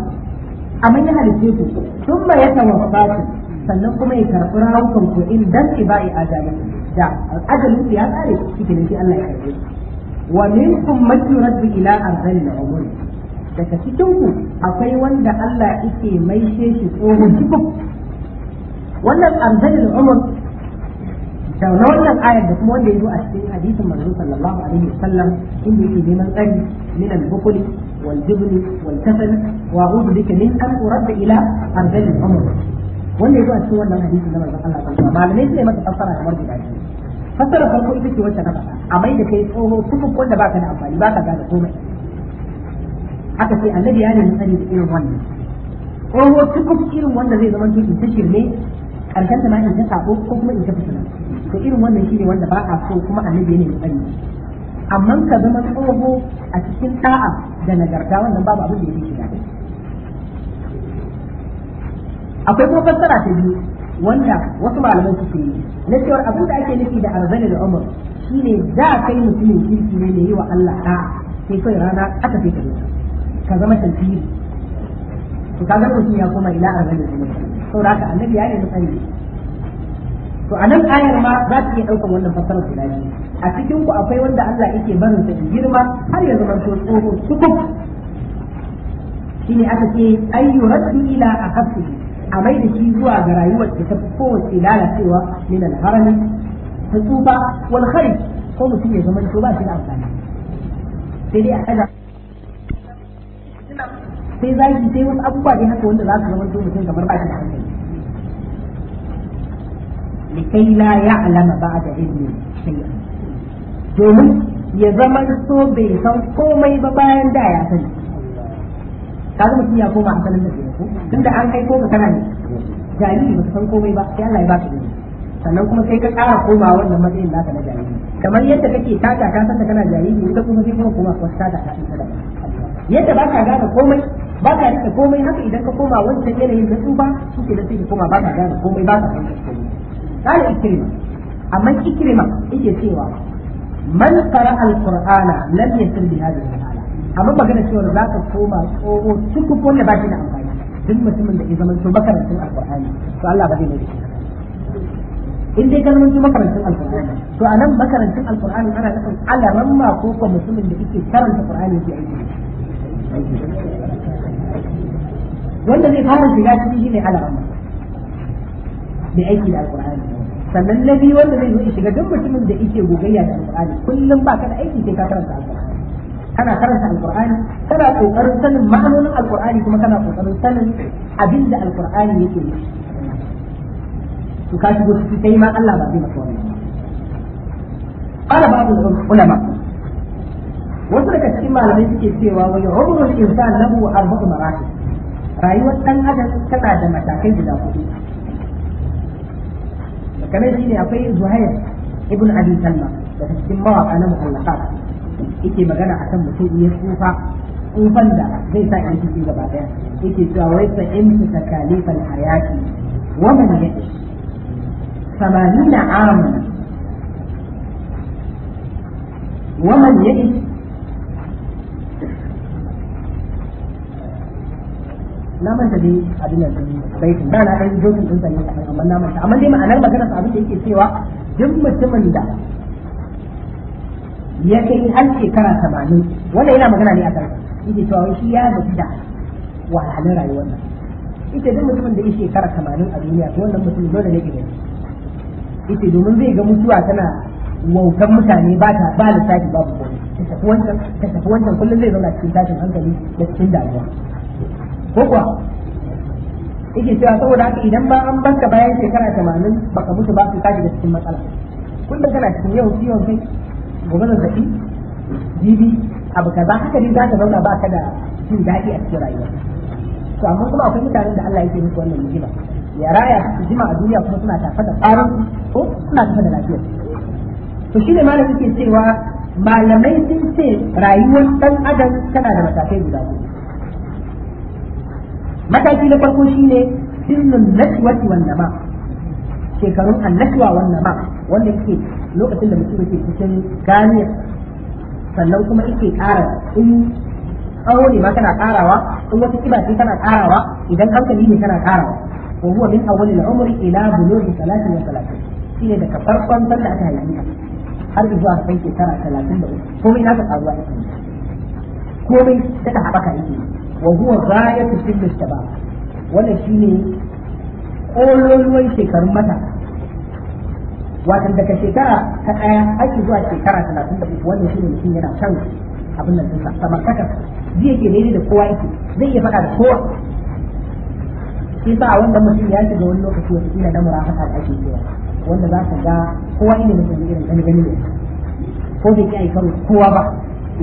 amma ya halitte ku thumma yatawaffaku sannan kuma ya karɓi rawukan ku in dan ibai adalin da ajalin ya tsare shi ne sai Allah ya karɓe wa minkum man yuraddu ila arzalil umur daga cikinku akwai wanda Allah yake maishe shi tsohon cikin wannan amsalin umar da na wannan ayar da kuma wanda ya zo a cikin hadisin manzo sallallahu alaihi wasallam inda yake neman tsari min al-bukuli wal jibni wal kasal wa a'udhu bika min an urda ila amsalin umar wanda ya zo a cikin wannan hadisin na manzo Allah sallallahu alaihi wasallam malamai sai masa fassara kamar guda biyu fassara farko ita ce wacce na faɗa a mai da kai tsoho tukun wanda baka da amfani baka gane komai aka ce annabi ya nemi sani da irin wannan ko cikin irin wanda zai zama in ta shirme karshen ta ma in ta sako ko kuma in ta fitina to irin wannan shine wanda ba a so kuma annabi ya nemi sani amma ka zama tsoho a cikin da'a da nagarta wannan babu abin da yake shiga akwai kuma fassara ta biyu wanda wasu malaman suke yi na cewar abin da ake nufi da arzani da umar shine za kai mutumin kirki ne mai yi wa Allah da'a sai kai rana aka fi ka ka zama tafsiri to kaga mutum ya koma ila arba da zunubi saboda haka annabi ya nemi tsari to a nan ayar ma za ta iya ɗaukar wannan fassarar da biyu a cikin ku akwai wanda Allah yake barin sa girma har ya zama tsoho sukuf shine aka ce ayyuhatu ila akhaffi a mai da shi zuwa ga rayuwar da ta kowace lalacewa min al-harami ta tsufa wal ko mutum ya zama to ba shi da amfani sai dai a kada sai za ki sai wasu abubuwa dai haka wanda za su zama to mutum kamar ba shi da hankali likai la ya alama ya'lama ba'da ilmi shay'an domin ya zama so bai san komai ba bayan da ya sani kaga mutum ya koma asalin da ke ko tunda an kai ko ka kana ne jariri ba san komai ba sai Allah ya ba ka ilimi sannan kuma sai ka ƙara koma wannan matsayin da ka na jariri kamar yadda kake tata ta saka kana jariri ita kuma sai kuma koma ko tata ta ita da yadda ba ka gane komai ba ka rike komai haka idan ka koma wancan yanayin na tsufa shi ke da sai ka koma ba ka gane komai ba ka gane komai kala ikrima amma ikrima yake cewa man qara alqur'ana lam yasil bi hadhihi alhala amma magana cewa za ka koma tsoho cikin kone ba shi da amfani duk mutumin da ke zaman to makarantin alqur'ani to Allah ba zai mai da in dai kalmar su makarantun alkur'ani to a nan makarantun alkur'ani ana nufin alaramma ko kuma mutumin da yake karanta qur'ani yake aiki wanda zai fara shiga ciki ne alama mai aiki da alqur'ani sannan na biyu wanda zai zo shiga duk mutumin da yake gogayya da alqur'ani kullum ba ka da aiki sai ka karanta alqur'ani kana karanta alqur'ani kana kokarin sanin ma'anonin alqur'ani kuma kana kokarin sanin abin da alqur'ani yake yi to ka shigo ciki kai ma Allah ba zai maka wannan qala ba'd ulama wasu daga cikin malamai suke cewa wai umrul insan lahu arba'u maratib rayuwar ɗan adam tana da matakai guda hudu kamar shi ne akwai zuhair ibn abi salma daga cikin mawaka na muhallaqat yake magana akan mutum ya tsufa tsufan da zai sa in cikin gaba daya yake cewa wai fa in su takalifal hayati wa man yadi 80 aman ya يئس na manta dai abin da baitin da na ɗan jokin ɗin sanye amma na manta amma dai ma'anar maganar abin da yake cewa duk mutumin da ya kai har shekara tamanin wanda yana magana ne a ƙarfi yake cewa shi ya gaji da wahalhalin rayuwar nan ita duk mutumin da ya shekara tamanin a duniya to wannan mutumin dole ne ke gidan ita domin zai ga mutuwa tana wautan mutane ba ta ba lissafi babu komai ta tafi wancan ta tafi wancan kullum zai zauna cikin tashin hankali da cikin damuwa ko kuwa yake cewa saboda haka idan ba an banka bayan shekara tamanin baka mutu ba su ka da cikin matsala kun da kana cikin yau ciwon kai gobe zazzaɓi jibi abu kaza haka dai za ka zauna ba ka da jin daɗi a cikin rayuwa to amma kuma akwai mutanen da Allah yake musu wannan mu'jiza ya raya su jima a duniya kuma suna tafa da tsarin ko suna tafa da lafiyar to shi ne malam yake cewa malamai sun ce rayuwar dan adam tana da matakai guda biyu mataki na farko shine sirrun nashwati wan nama shekarun annashwa wan nama wanda ke lokacin da mutum yake cikin ganiyar sannan kuma yake ƙara in tsawo ne ma kana ƙarawa in wata kiba ce kana ƙarawa idan hankali ne kana ƙarawa wa huwa min awwalil umri ila bulughi salati wa salati shine daga farkon sallah ta haifi har zuwa kan shekara 33 komai na ka ƙaruwa yake komai daga haɓaka yake wa huwa ghayatu fil mustaba wannan shine kololuwan shekarun matasa wato daga shekara ta daya ake zuwa shekara 33 wannan shine mutum yana can abin nan dinsa samartakar zai yake daidai da kowa yake zai iya faɗa da kowa shi sa a wanda mutum ya shiga wani lokaci wata kila na murafaka da ake wanda za ka ga kowa ne mutum irin gani gani ne ko bai ki aikaro kowa ba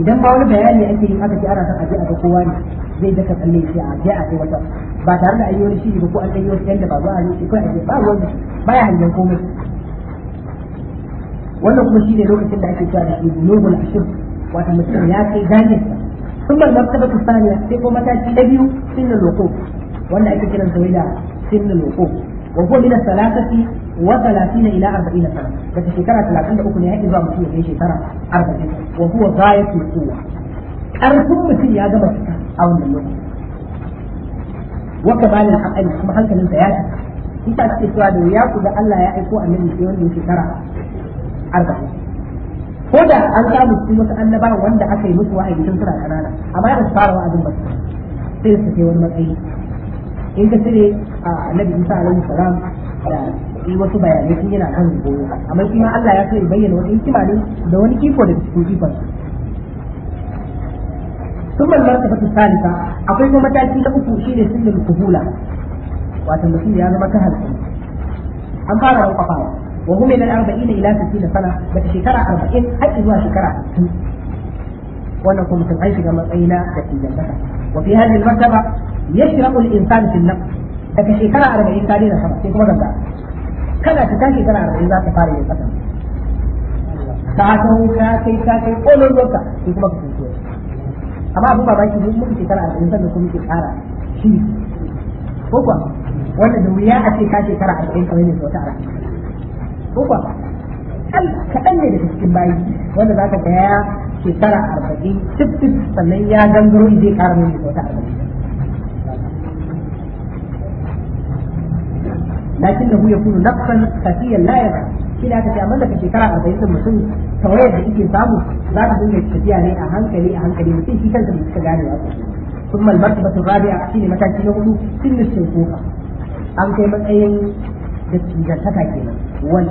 idan ba wani bayani ake yi aka ce ana son aje a ga kowa ne zai daka tsalle shi a je a wata ba tare da ayyuwar shi ba ko an ɗanyi wasu yanda ba za a yi shi kai ba wanda baya hanyar komai wannan kuma shi ne lokacin da ake cewa da shi bulugul ashir wata mutum ya kai ganyen sun bar martaba tsaniya sai ko mataki na biyu sun sinna loko wanda ake kiran sa da sinna loko wa huwa min salasati wa 30 ila 40 sana daga shekara uku ne ya zuwa mutum ya kai shekara arba'in wa huwa ghayatu quwwa karfin mutum ya gama fita a wannan lokaci waka ba ni haƙari kuma hankalinsa ya ci ita ce cewa da ya ku Allah ya aiko annabi sai wannan shekara arba'in ko da an samu cikin wasu annabawa wanda aka yi musu wa'ayi tun suna ƙanana amma ya su fara wa'azin ba sai in ka cire a annabi Isa alaihi salam yi wasu bayanai sun yana kan goyo amma shi Allah ya sa ya bayyana wani kima ne da wani kiko da cikin kifon ثم المرتبة الثالثة أقول لكم متى كنت أكو شيء سن القبولة وأتم مسلم هذا ما كهل أم قال القطايا وهم من الأربعين إلى ستين سنة بس شكرا أربعين حتى هو شكرا ونقوم متبعين في جمعينا كتيجا وفي هذه المرتبة يشرق الإنسان في النفس لكن شكرا أربعين تالين سنة في كما kada ka tashi kana arba'in za ka fara yin kasan ka san ka kai ka kai kolon roka sai kuma ka amma abin mun ne muka a arba'in sannan ko muke kara shi ko kuwa wanda da wuya a ce ka shekara arba'in kawai ne wata ara ko kuwa kaɗan ne daga cikin bayi wanda za ka ga ya shekara arba'in tif tif sannan ya gangaro zai kara mai wata arba'in lakin da hu yakunu nafsan safiyan la yakun shi da aka ce amma daga shekara arba'in da mutum tawayar da yake samu za ka dinga tafiya ne a hankali a hankali mutum shi kansa da suka gane ba sun a ثم المرتبة الرابعة شيء مكان كنا نقول سن الشيخوخة أم كي مكان دكتور شكا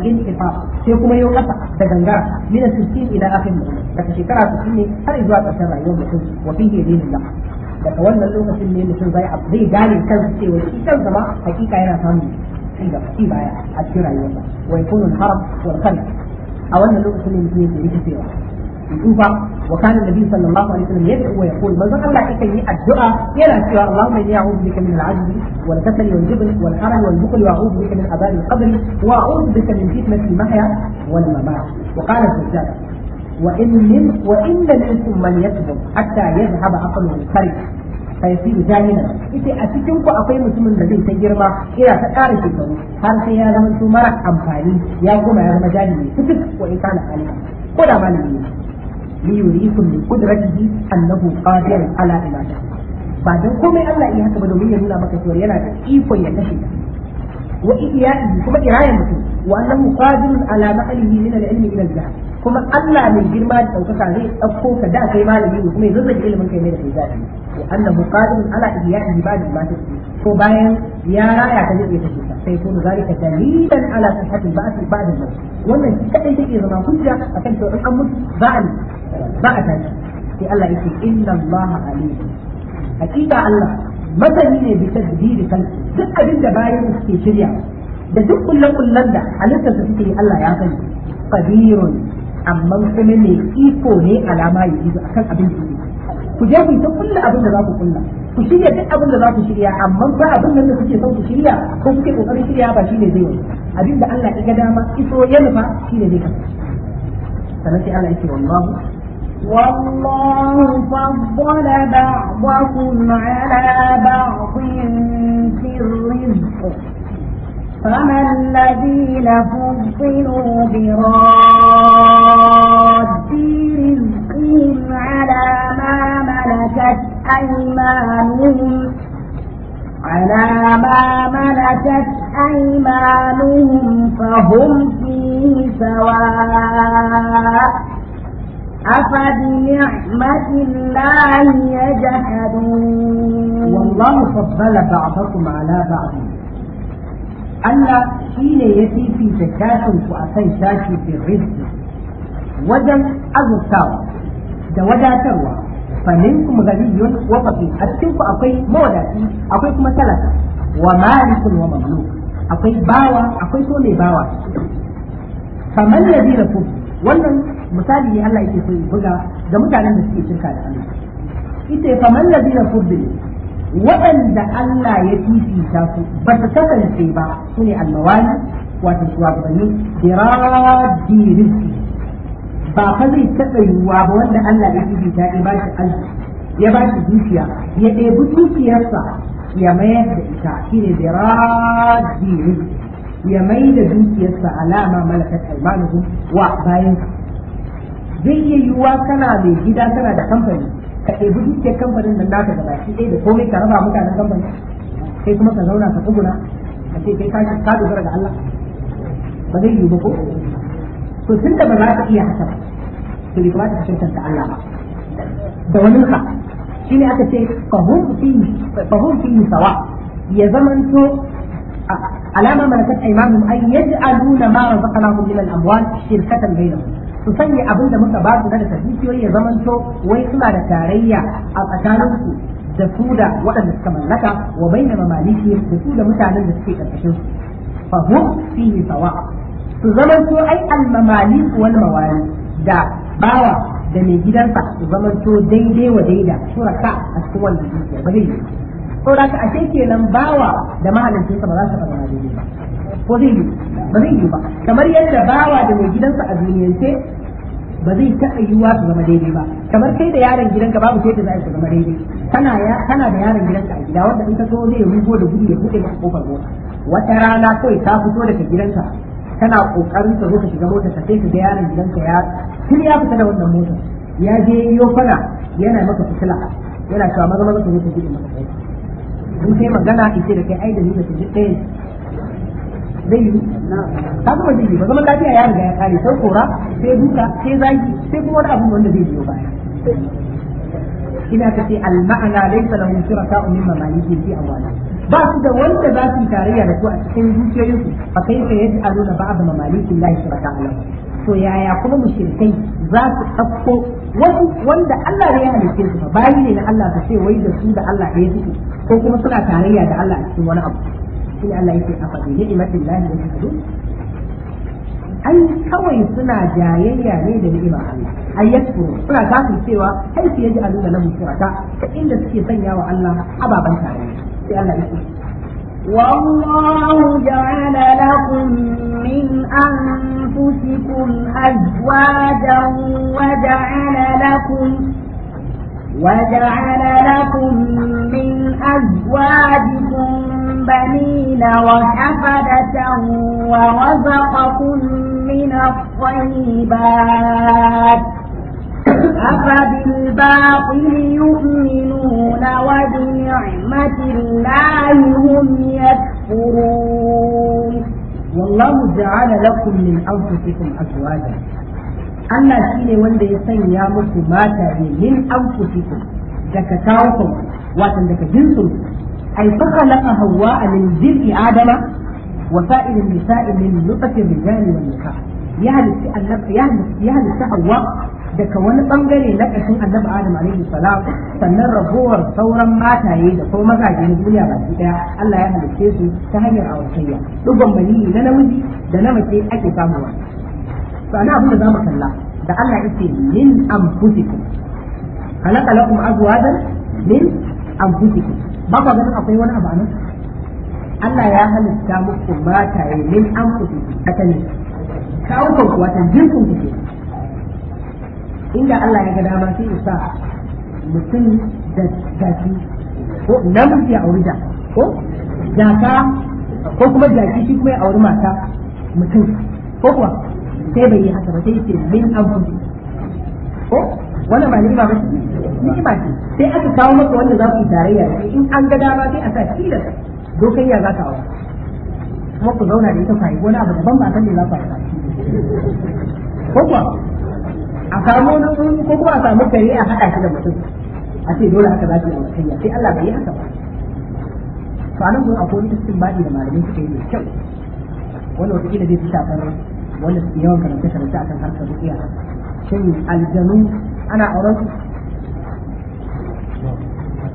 in ifa sai kuma yau kasa da ganga min sittin ila akhir mutum daga shekara su sun ne har zuwa ƙarshen rayuwar mutum wa fihi dinillah daga wannan lokacin ne mutum zai gane kansa cewa shi kan zama hakika yana samun inda shi baya a cikin rayuwarsa wa yakunu al-haram wal khalq a wannan lokacin ne yake Allah yake yi addu'a yana cewa Allahumma inni a'udhu bika min al-'ajz wal kasal wal jibn wal haram wal bukhl wa a'udhu bika wa وإن من وإن منكم من يكذب حتى يذهب عقله الخير fayasiru jahilan ita a cikin ku akwai mutumin da zai ta girma ina ta ƙara shekaru har sai ya zama su mara amfani ya goma ya zama su duk wa ita na alima ko da malami ne li yurikum min qudratihi annahu qadir ala ibada ba dan komai Allah ya haka ba domin ya nuna maka cewa yana da ikon ya kashe ka wa iya'ihi kuma irayan mutum wa annahu qadirun ala naqlihi min al-ilmi ila kuma Allah mai girma da daukaka zai dauko ka da kai malami ne kuma ya zai ilimin kai mai da kai zafi wa annahu qadirun ala iya'ihi ba'da ma ta ko bayan ya raya ka zai tafi sai ko zalika dalilan ala sihhati ba'd ba'd al-maut wannan kadai zama hujja akan to in an mutu za a a sai Allah inna Allah masani ne bisa da kansu duk abin da bayan suke shirya da duk kullum kullum da halittar su suke Allah ya sani qadirun amma kuma ne iko ne alama ya yi akan abin da suke ku je ku ta kulla abin da za ku kulla ku shirya duk abin da za ku shirya amma ba abin da kuke son ku shirya ko suke kokarin shirya ba shine zai yi abin da Allah ya ga dama iso ya nufa shine zai kasance sannan sai Allah yake wallahu والله فضل بعضكم على بعض في الرزق فما الذين فضلوا براد رزقهم على ما ملكت أيمانهم على ما ملكت أيمانهم فهم فيه سواء أفبنعمة الله يجحدون والله فضل بعضكم على بعض Allah shi ne ya fifita shashin ku a kan shashi fi rizki wajen azurtawa da wadatarwa famin kuma galibiyun wa fafi a cikinku akwai mawadaci akwai kuma talaka wa malikun wa mamluk akwai bawa akwai so mai bawa faman ladina kufu wannan misali ne Allah yake so ya buga ga mutanen da suke shirka da Allah ita fa man ladina fuddil waɗanda Allah ya fifita su ba ta kasance ba su ne almawani wato shugabanni biradi rizki ba fa zai taɓa yiwuwa ba wanda Allah ya fifita ya ba shi ya ba shi dukiya ya ɗebi dukiyarsa ya mayar da ita shine biradi rizki ya mai da dukiyarsa alama malakat almanuhu wa bayan zai iya yiwuwa kana mai gida kana da kamfani ka ɗebi dukiyar kamfanin nan naka da baki ɗaya da komai ka raba mutanen kamfani sai kuma ka zauna ka tsuguna ka ce kai ka dogara ga Allah ba zai yiwu ba ko to tun da ba za ka iya haka to bai kamata ka shirkanta Allah ba da wani ka shi ne aka ce fahum fi sawa ya zamanto alama malakat aymanum ay yaj'aluna ma razaqnahum min al-amwal shirkatan bainahum su sanya abin da muka ba su na da tafiyoyi ya zamanto wai suna da tarayya a tsakaninsu da su da waɗanda suka mallaka wa bayyana mamaliki da su da mutanen da suke ƙarƙashin su fa hum fi, sawa su zamanto ai al mamalik wal mawali da bawa da mai gidansa su zamanto daidai wa daida shuraka a cikin wannan dukiya ba saboda ka ashe kenan bawa da mahalicin sa ba za su fara ba ko zai yi ba zai yi ba kamar yadda bawa da mai gidansa a duniyance ba zai taɓa yiwuwa su zama daidai ba kamar kai da yaron gidanka babu sai da za su zama daidai kana kana da yaron gidanka a gida wanda in ka so zai rugo da gudu ya buɗe maka kofar mota wata rana kawai ta fito daga gidanka kana kokarin ka zo ka shiga motar ka sai ka ga yaron gidanka ya tun ya fita da wannan motar ya je yo fana yana maka fitila yana cewa maza maza ka zo ka buɗe maka kai in kai magana in ce da kai ai da ni da ta ji ɗaya zai yi ka ba zai yi ba zaman lafiya ya riga ya kare sai kora sai duka sai zagi sai kuma wani abu wanda zai biyo baya ina ta ce al-ma'ana laysa lahu shuraka min mamaliki fi awala ba su da wanda za su yi tarayya da su a cikin zuciyoyinsu a kai ka yaji alu da ba'd mamalikin lahi shuraka alahu to yaya kuma mushrikai za su ɗauko wasu wanda Allah ne ya halitte su ba bayi ne na Allah ta ce wai da su da Allah ɗaya suke ko kuma suna tarayya da Allah a cikin wani abu shi Allah yake a faɗi ni'imatin lahi da kudu An kawai suna jayayya ne da ni'imar Allah ai yakfur suna kafin cewa kai su yaji alu da lahu shuraka inda suke sanya wa Allah ababan tare sai Allah yake والله جعل لكم من أنفسكم أزواجا وجعل لكم وجعل لكم من أزواجكم بنين وحفدة ورزقكم من الطيبات أفبالباطل يؤمنون وبنعمة الله هم يكفرون والله جعل لكم من أنفسكم أزواجا Allah shi ne wanda ya sanya muku mata ne min anfusikum daga kawo watan daga jinsu ai fa khalaqa hawa min jil'i adama wa sa'irin nisa'i min nutfatin rijali wal nikah ya halitta annabi ya halitta ya halitta hawa daga wani bangare na kashin annabi adam alaihi salam sannan ragowar sauran mataye da kuma mazaje na duniya baki daya Allah ya halitta su ta hanyar auratayya dubban bani na namiji da na mace ake samuwa فأنا أقول ذا مكلا ده الله يقول من أنفسكم خلق min أزواجا ba أنفسكم بابا ده أقول وأنا أبعنا Allah ya halitta muku mata yi min an kuɗi a kuwa ta jinsin inda Allah ya ga dama sai ya sa mutum da jaki ko namiji ya auri da ko jaka ko kuma jaki shi kuma ya auri mata mutum ko kuwa sai bai yi haka ba sai ce min anfusi ko wannan ba ne ba ba ce sai aka kawo maka wanda za ku tarayya in an ga dama sai a sa tilas dokan ya za ka awa kuma ku zauna da ita ku ko wani abu daban ba san me za ku haifa ko kuwa a samu wani ko kuma a samu kare a haɗa shi da mutum a ce dole aka za su yi auratayya sai Allah bai yi haka ba to ko ni akwai wani baɗi da malamin suka yi da kyau wanda wata kila zai fi shafar wanda su yawan karanta karanta harka harkar rukiya shi aljanu ana auren su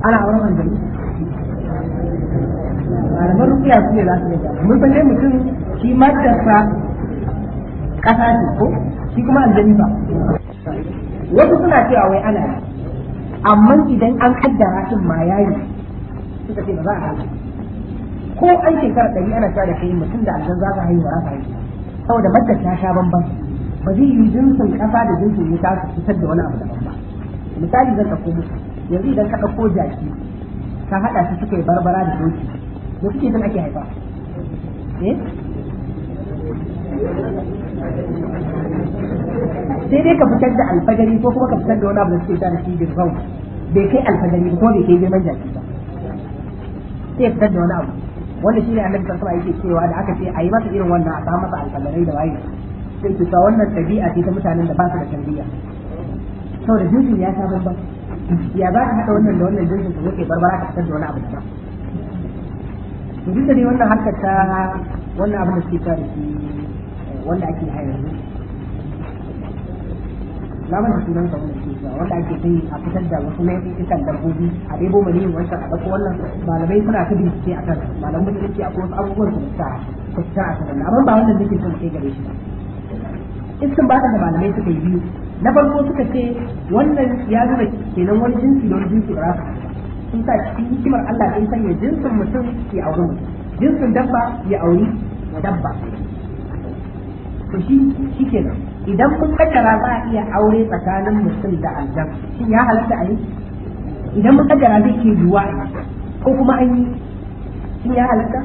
ana auren aljanu malaman rukiya su ne za su yi mun san mutum shi matarsa kasa ce ko shi kuma aljanu ba wasu suna cewa wai ana amma idan an kaddara shin ma yayi suka ce ba za a ko an shekara ɗari ana sa da kai mutum da aljan za ka haihu ba za ka haihu saboda maddar ta sha bamban ba zai yi jinsin kasa da jinsin wuta su fitar da wani abu daban ba misali zan ɗauko musu yanzu idan ka ɗauko jaki ka haɗa su suka yi barbara da doki da kuke jin ake haifa eh? sai dai ka fitar da alfajari ko kuma ka fitar da wani abu da suke sa da shi da bai kai alfajari ko bai kai girman jaki ba sai fitar da wani abu wanda shine annabi sallallahu alaihi yake cewa da aka ce a yi masa irin wannan a samu masa alƙalarai da waye sai ki sa wannan ɗabi'a ce ta mutanen da ba su da tarbiyya saboda jinsin ya sha babban ya za ka haɗa wannan da wannan jinsin ka zoke barbara ka fitar da wani abu da to duk da dai wannan harkar ta wannan abin da suke fara shi wanda ake hayar na mana sunan sa wannan wanda ake kai a fitar da wasu laifukan dabbobi a ɗebo yin wancan a ɗauko wannan malamai suna ta bincike a kan malamai da suke akwai wasu abubuwan su ta kusa a kan amma ba wannan nake son kai gare shi ba iskin ba da malamai suka yi biyu na farko suka ce wannan ya nuna kenan wani jinsi da wani jinsi ba za sun sa cikin hikimar Allah ɗin sanya jinsin mutum ya auri jinsin dabba ya auri dabba to shi shi kenan idan mun kaddara za a iya aure tsakanin mutum da aljan shi ya halatta a yi idan mun kaddara zai ke yiwuwa ko kuma an yi shi ya halatta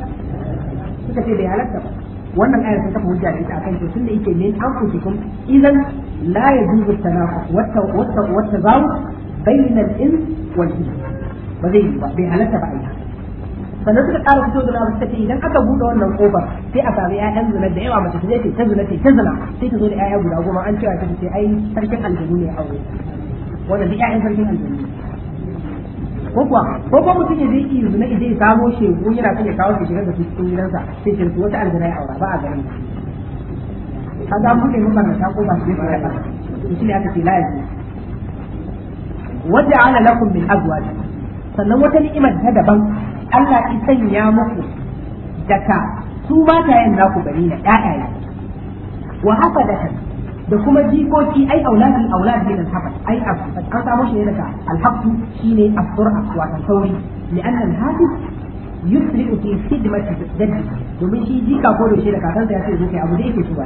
suka ce bai halatta ba wannan ayar sun kafa hujja da ita akan to tunda yake ne an kuce kun idan la yajuzu tanafu wata wata wata zawu bainal ins wal jinn ba zai yi ba bai halatta ba a yi sannan suka ƙara fito da labar take idan aka buɗe wannan ƙofar sai a sami ƴaƴan zina da yawa mace ta je ta zina ta zina sai ta zo da ƴaƴa guda goma an cewa ta ce ai sarkin aljanu ne aure wannan duk ƴaƴan sarkin aljanu ko kuwa ko ko mutum ya zai iya zina idan ya samo shegu yana son ya kawo shi shigar da su cikin gidansa sai ce wata aljana ya aura ba a garin ka ga buɗe mabarnata ko ba su yi ba shi ne aka ce la yanzu ana lakum min azwajikum sannan wata ni'imar ta daban Allah ki sanya muku daga su matayen naku bari na ɗaya, wa haka da da kuma jikoki ai auladin aulad min al-habat ai an samu shi ne daga al shine as-sur'a wato sauri li'anna al-hadith yusri'u fi khidmati daddi domin shi jika ko da shi da kakansa ya ce zo kai abu da yake so ba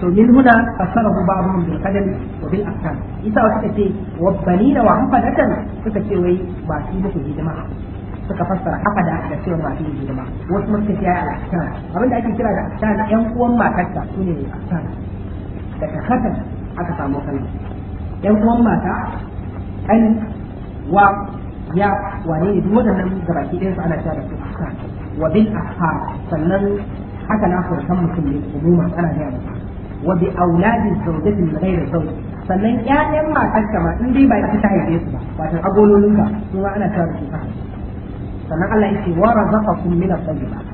to min huna fasarahu ba'dhum bil qadam wa bil aqdam isa suka ce wa balina wa hafadatan suka ce wai ba su da su hidima suka fassara hafada da cewa ba su hidima wasu suka ce ya al-aqdam da ake kira da aqdam yan uwan matarsa sune ne aqdam da takatan aka samu kalma yan uwan mata an wa ya wane ne duk waɗannan gabaki ɗayan su ana cewa da su aqdam wa bil aqdam sannan haka na furtan mutum ne umuma ana gaya mutum wa bi auladin zawjatin min ghairi sannan ƴaƴan matar ka ma in dai ba ita ta haife su ba wato agololin su ma ana tara su sannan Allah ya ce wa razaqakum min at-tayyibat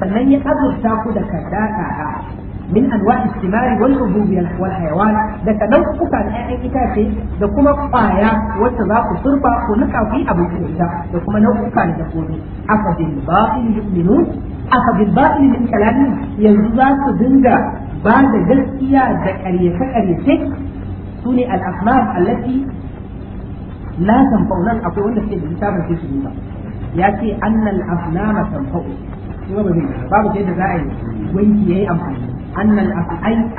sannan ya azurta ku da kadaka min anwa'i thimari wal hububi wal hayawan daga nau'uka na ƴaƴan itace da kuma ƙwaya wacce za ku surfa ku nika ku yi abinci da ita da kuma nau'uka na dabbobi afa bil batil yu'minun afa bil yanzu za su dinga ba da gaskiya da ƙaryace ƙaryace su ne al-asnaf allati la tanfa'unan akwai wanda da littafin ya ce ba babu da za a yi wanki yayi amfani أن الأفعال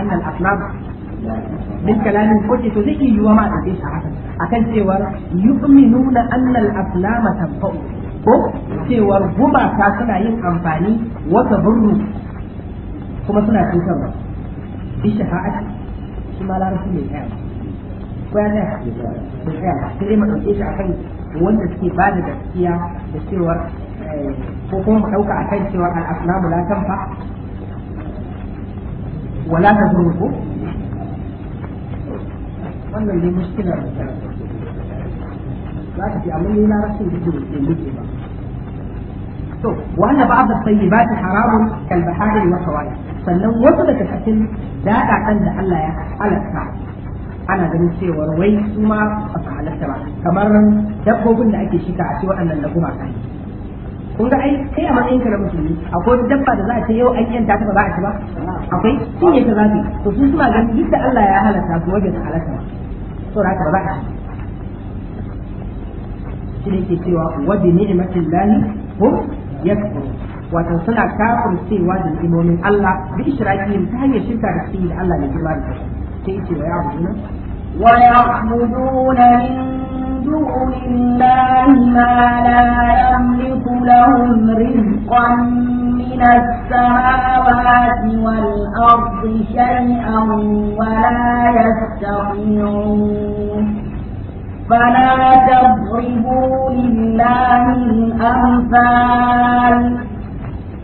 أن الأقلام بالكلام الحجي تذكي وما تديش عسل أكن سيور يؤمنون أن الأقلام تنفع ko cewar guba ta suna yin amfani wata burru kuma suna cutarwa bi shafa'at shi ma larabci mai kaya ko ya zai haɗe kaya sai dai mu ɗauke shi akan wanda suke ba da gaskiya da cewar ko kuma mu ɗauka akan cewar al'aslamu la tanfa wala ta zuru wannan ne mushkila da ta za ta ce amma ni na rashin jikin da muke ba to wannan sanyi ba ta haramun kal bahari wa kawai sannan wasu daga cikin ɗan da Allah ya halatta ana ganin cewar wai su ma ba su halatta ba kamar dabbobin da ake shika a ce waɗannan da gumaka ne kun ga ai kai a matsayin kana na musulmi akwai wata dabba da za a ce yau an yanta ta ba a ci ba akwai sun yi ta zafi to su suna ganin duk da Allah ya halatta su wajen halatta ba to haka ba za a shi ne ke cewa ne wajen ni'imatin lahi ko yakfuru wato suna kafin cewa da imomin Allah bi ishrakihim ta hanyar shirka da shi da Allah ne girma da ta shi sai ce wa ya'buduna wa ya'buduna min يملكوا لله ما لا يملك لهم رزقا من السماوات والأرض شيئا ولا يستطيعون فلا تضربوا لله الأمثال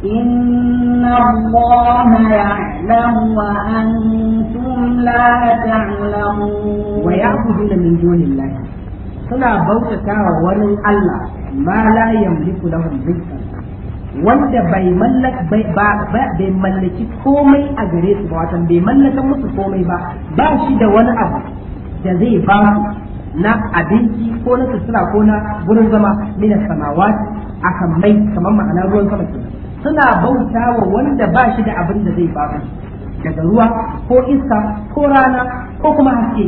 إن الله يعلم وأنتم لا تعلمون ويعبدون من دون الله suna bautata wa wani Allah ma la yamliku lahum rizqan wanda bai mallaka bai bai mallaki komai a gare su ba watan bai mallaka musu komai ba ba shi da wani abu da zai ba na abinci ko na sutura ko na gurin zama minas samawat akan mai kamar ma'ana ruwan sama kenan suna bautawa wanda ba shi da abin da zai ba daga ruwa ko iska ko rana ko kuma haske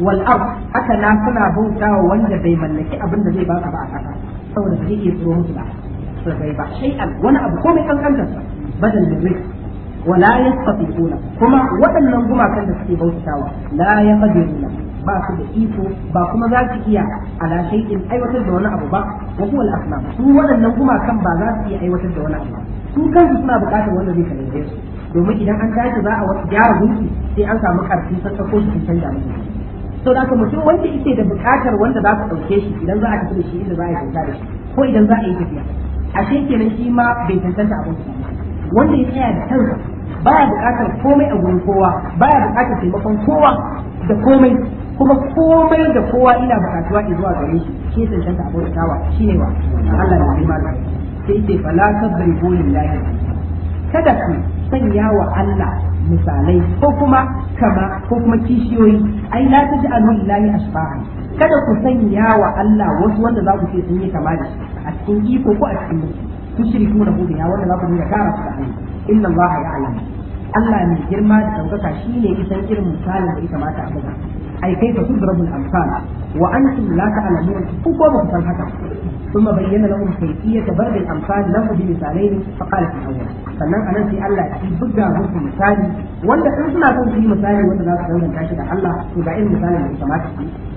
wal ard haka na suna bautawa wanda bai mallaki abin da zai baka ba a kasa saboda ba zai iya tsoro musu ba to bai ba shay'an wani abu komai kankantar sa badal da rizq wala yastati'una kuma waɗannan gumakan da suke bautawa la yaqdiruna ba su da iko ba kuma za su iya ala shay'in aiwatar da wani abu ba wa huwa al-asnam su waɗannan gumakan ba za su iya aiwatar da wani abu ba su kansu suna buƙatar wanda zai kare su domin idan an tashi za a wata gyara gunki sai an samu ƙarfi sassako su canza musu to da mutum wanda yake da bukatar wanda za ka ɗauke shi idan za a tafi da shi inda za a tafi da shi ko idan za a yi tafiya a shi kenan shi ma bai tantance abin wanda ya tsaya da kansa baya bukatar komai a gurin kowa baya bukatar taimakon kowa da komai kuma komai da kowa ina bukatuwa zuwa gare shi shi tantance abin tawa shine wa Allah ya rima sai ce fala tabribu lillahi kada ku sanya wa Allah misalai ko kuma ba ko kuma kishiyoyi ai la taj'alu lillahi asba'a kada ku sanya wa Allah wasu wanda za ku ce sun yi kama da a cikin iko ko a cikin mushriku da hudiya wanda za ku dinga kara su da inna Allah alama Allah mai girma da ɗaukaka shi ne isan irin misalin da ya kamata a buga أي كيف تضرب الأمثال وأنتم لا تعلمون أقوى مثل هكذا ثم بين لهم كيفية ضرب الأمثال له بمثالين فقال في الأول فنان أنا في الله يبقى مثل مثالي وأنت أنتم كن في مثالي وأنت لا تقول أن تشهد الله يبقى إيه مثال من السماء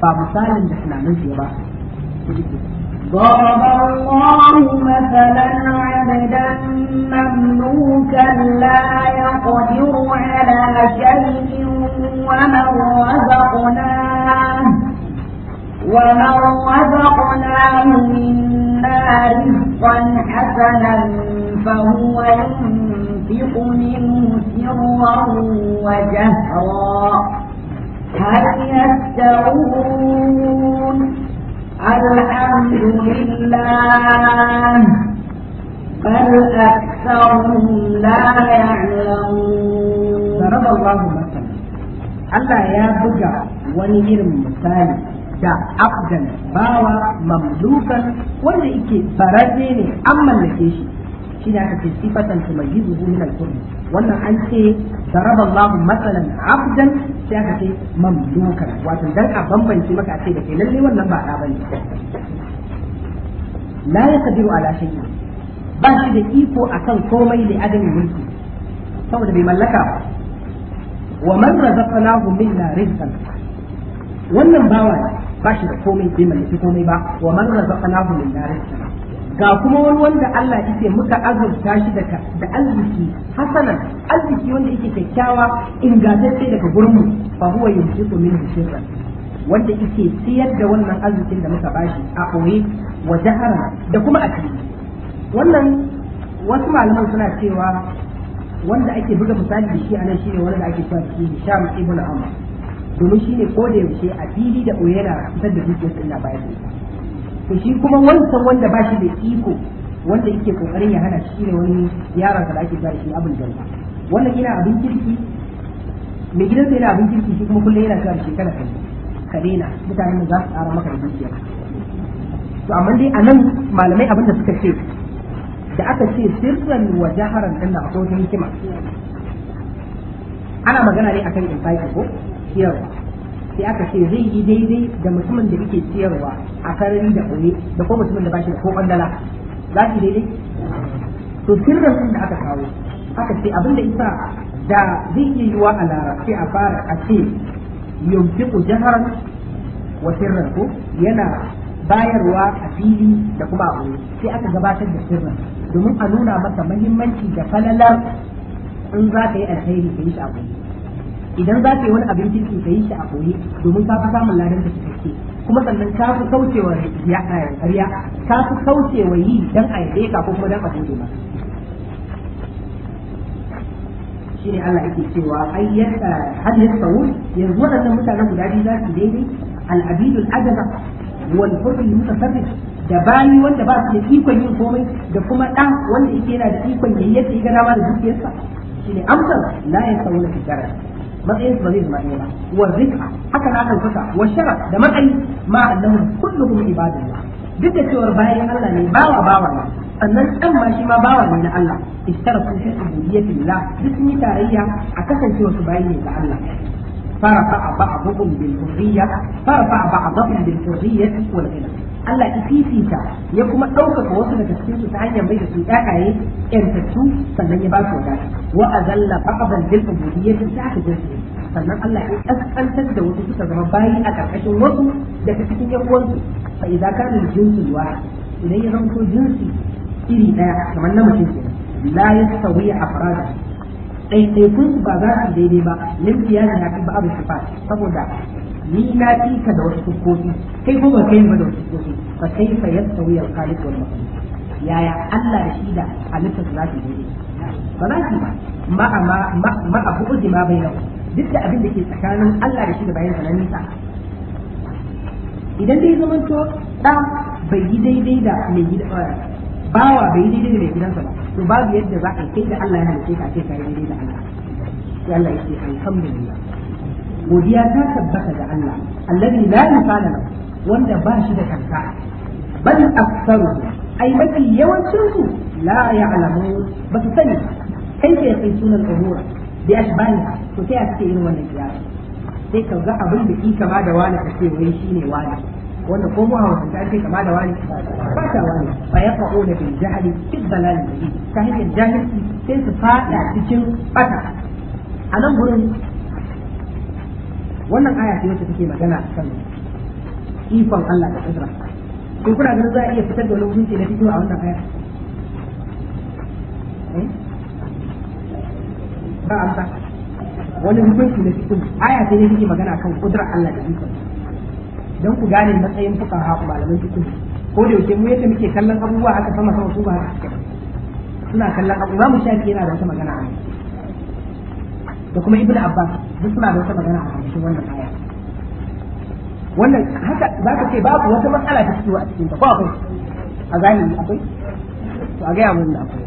فمثالا نحن ننسي بقى ضرب الله مثلا عبدا مملوكا لا يقدر على شيء ومن رزقناه ومن رزقناه منا رزقا حسنا فهو ينفق منه سرا وجهرا هل يستعون الحمد لله بل أكثرهم لا يعلمون ضرب الله مثلا Allah ya buga wani irin misali da abdan bawa mamlukan wanda yake bararre ne an mallake shi shine aka ce sifatan tumayyizuhu min al-kulli wannan an ce daraba Allahu masalan abdan sai aka ce mamlukan wato dan a bambance maka a ce da ke lalle wannan ba da bane la yaqdiru ala shay'in ba shi da iko akan komai da adami mulki saboda bai mallaka ba wa man razaqnahu minna rizqan wannan bawa ba shi da komai bai mallaki komai ba wa man razaqnahu minna rizqan ga kuma wani wanda Allah yake muka azurta shi daga da arziki hasanan arziki wanda yake kyakkyawa ingantacce daga gurinmu, mu fa huwa yumsiku min sirran wanda yake siyar da wannan arzikin da muka bashi a koyi wa jahara da kuma a wannan wasu malaman suna cewa wanda ake buga misali da shi a nan shine wanda ake cewa shi Hisham ibn Amr domin shine ko da yaushe a fili da oyena fitar da dukiyar Allah bayan to shi kuma wancan wanda ba shi da iko wanda yake kokarin ya hana shi ne wani yaron da ake bari shi abin jarfa wannan yana abin kirki mai gidan gidansa yana abin kirki shi kuma kullum yana cewa shi kana kai ka daina mutanen za su tsara maka da dukiya to amma dai anan malamai abin da suka ce da aka ce sirran wa jaharan dan da akwai wata hikima ana magana ne akan infaki ko ciyarwa sai aka ce zai yi daidai da mutumin da yake ciyarwa a sarari da ƙure da ko mutumin da ba shi da ko ƙwandala za su daidai to sirrin sun da aka kawo aka ce abin da isa da zai iya yiwa a sai a fara a ce ku jihar wa sirrin ku yana bayarwa a fili da kuma a sai aka gabatar da sirrin domin a nuna masa muhimmanci da falalar in za ka yi alheri ka yi shi a idan za ka yi wani abin kirki ka yi shi a koyi domin ka fi samun ladan da kake kuma sannan ka fi kaucewa ƙarya eh, ka fi kaucewa yi dan a yabe ka ko kuma dan a gode shi ne Allah yake cewa ayyata hal yasawun yanzu waɗannan mutanen guda biyu za su daidai al'abidul ajaba wal hurri mutasarrif da bayi wanda ba su da ikon yin komai da kuma ɗan wanda yake yana da ikon yayyata ya ga dama da dukiyarsa ne amsar la yin fi darar matsayin su ba zai zama ɗaya ba wa rika haka na kan kusa wa sharaf da matsayi ma annahu kulluhum ibadullah duk da cewa bayan Allah ne bawa bawa ne sannan yamma ma shi ma bawa ne na Allah ishtaraku fi ubudiyyatillah duk ni tarayya a kasancewa su bayan ne ga Allah فرفع بعضهم بالحرية فرفع بعضهم بالحرية والغنى Allah ya fifita ya kuma ɗaukaka wasu daga cikin su ta hanyar mai da su ƴan ƴantattu sannan ya ba su wadata wa azalla ba'dan lil ubudiyyati ta ta jinsi sannan Allah ya kaskantar da wasu suka zama bayi a karkashin wasu daga cikin ƴan uwansu fa idza kana jinsu wa. idan ya zanto jinsi iri ɗaya kamar na mutum kenan la yastawi afradu ɗaiɗaikun su ba za a daidai ba limfi yana ya fi ba'abu shi ba saboda ni na fi ka da wasu kofi kai kuma kai ba da wasu kofi ba kai fa yasta wuyar khaliq wal makhluq yaya Allah da shi da halittar za su daidai ba za su ba ma ma ma abu uji ma bai nau duk da abin da ke tsakanin Allah da shi da bayan sanan nisa idan dai to ɗan bai yi daidai da mai gida bawa bai daidai da mai gidansa ba to babu yadda za a kai da Allah ya halice ka ce ka yi daidai da Allah sai Allah yake alhamdulillah godiya ta tabbata da Allah alladhi la misala wanda ba shi da kanka bal aktsaru ai mafi yawancin su la ya'lamu ba su sani kai ke kai sunan umura bi bani. to sai a ce irin wannan kiyama sai ka ga abin da kika ba da wani kace wai shine wani wanda ko mu hawa da ake kama da wani ba ta wani fa ya fa'u da bin jahli fil dalal ladhi ta hanyar jahilci sai su fada cikin bata a nan gurin wannan aya ce wacce take magana kan ifan Allah da kudura ko kuna ganin za a iya fitar da wani hukunci da fito a wannan aya eh? ba amsa wani hukunci da fito aya ce ne take magana kan kudura Allah da ikon don ku gane matsayin fuka haku malaman fiqh ko da yake mu yadda muke kallon abubuwa haka sama sama su ba haka suke suna kallon abu imamu shafi yana da wata magana a da kuma ibnu abbas duk suna da wata magana a cikin wannan aya wannan haka za ka ce babu wata matsala ta fitowa a cikin ta ko akwai a zahiri akwai to a gaya mun akwai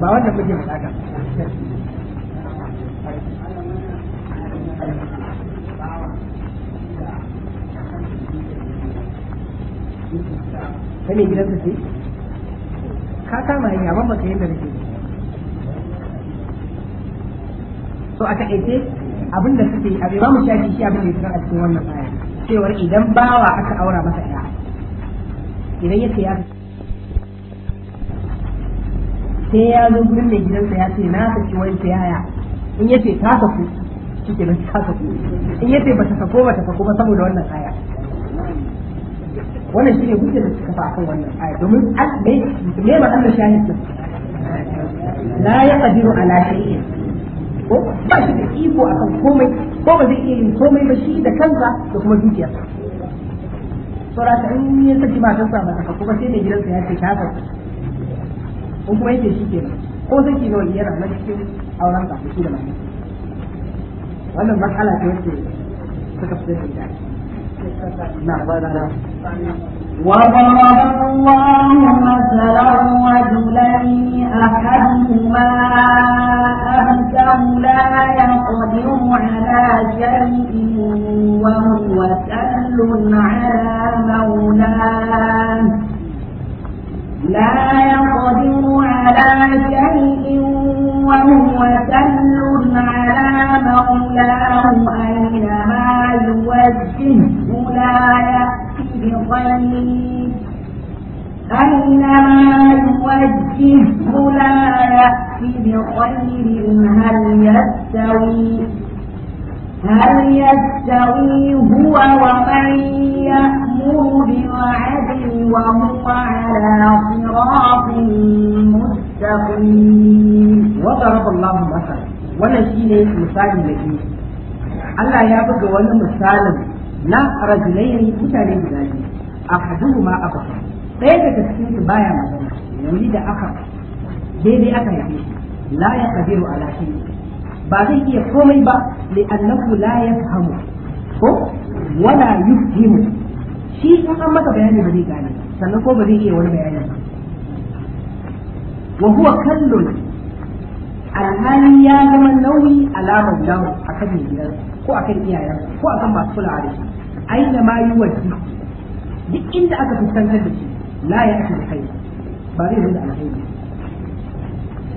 ba wanda muke bukata kai ne gidansa ce ka kama hanya ban baka yadda nake so a takaice abin da suke a bai mu shafi shi abin da ya a cikin wannan baya cewar idan bawa aka aura masa ɗaya idan ya ce ya sai ya zo gurin mai gidansa ya ce na saki wani yaya in ya ce ta saku shi ke nan ta sako in yace ba ta sako ba ta sako ba saboda wannan aya wannan shi ne hujjar da suka fa akan wannan aya domin me me ma Allah shahid din la yaqdiru ala shay'in ko ba shi da iko akan komai ko ba zai iya yin komai ba shi da kansa da kuma dukiyarsa saura ta in ya saki matarsa ba ta kuma sai mai gidansa ya ce ta haka ko kuma yake shi kenan ko saki nawa yana na cikin auren ka shi da mai ولا المرحلة هتمشي تخصص نعم وضرب الله مثلا رجلين أحدهما أهدم لا يقدر على شيء وهو سهل على مولاه لا يقدر على شيء وهو سهل الله أينما يوجهه لا يأتي بخير أينما يوجهه لا يأتي بخير هل يستوي هل يستوي هو ومن يأمر بالعدل وهو على صراط مستقيم وضرب الله مثلا wannan shi ne misali da biyu Allah ya buga wani misalin na rajulaini mutane guda biyu ahaduhuma abasa ɗaya daga cikin su baya magana yauli da aka daidai aka haife la ya qadiru ala ba zai iya komai ba li annahu la yafhamu ko wala yufhimu shi in an masa bayani ba zai gane sannan ko ba zai iya wani bayani ba wa huwa kallon alhalin ya zama nauyi alamar damu a kan mai gidan ko a kan iyayen ko a kan masu kula da shi aina ma yi wajen duk inda aka fuskantar da shi la ya ake kai ba zai zama alheri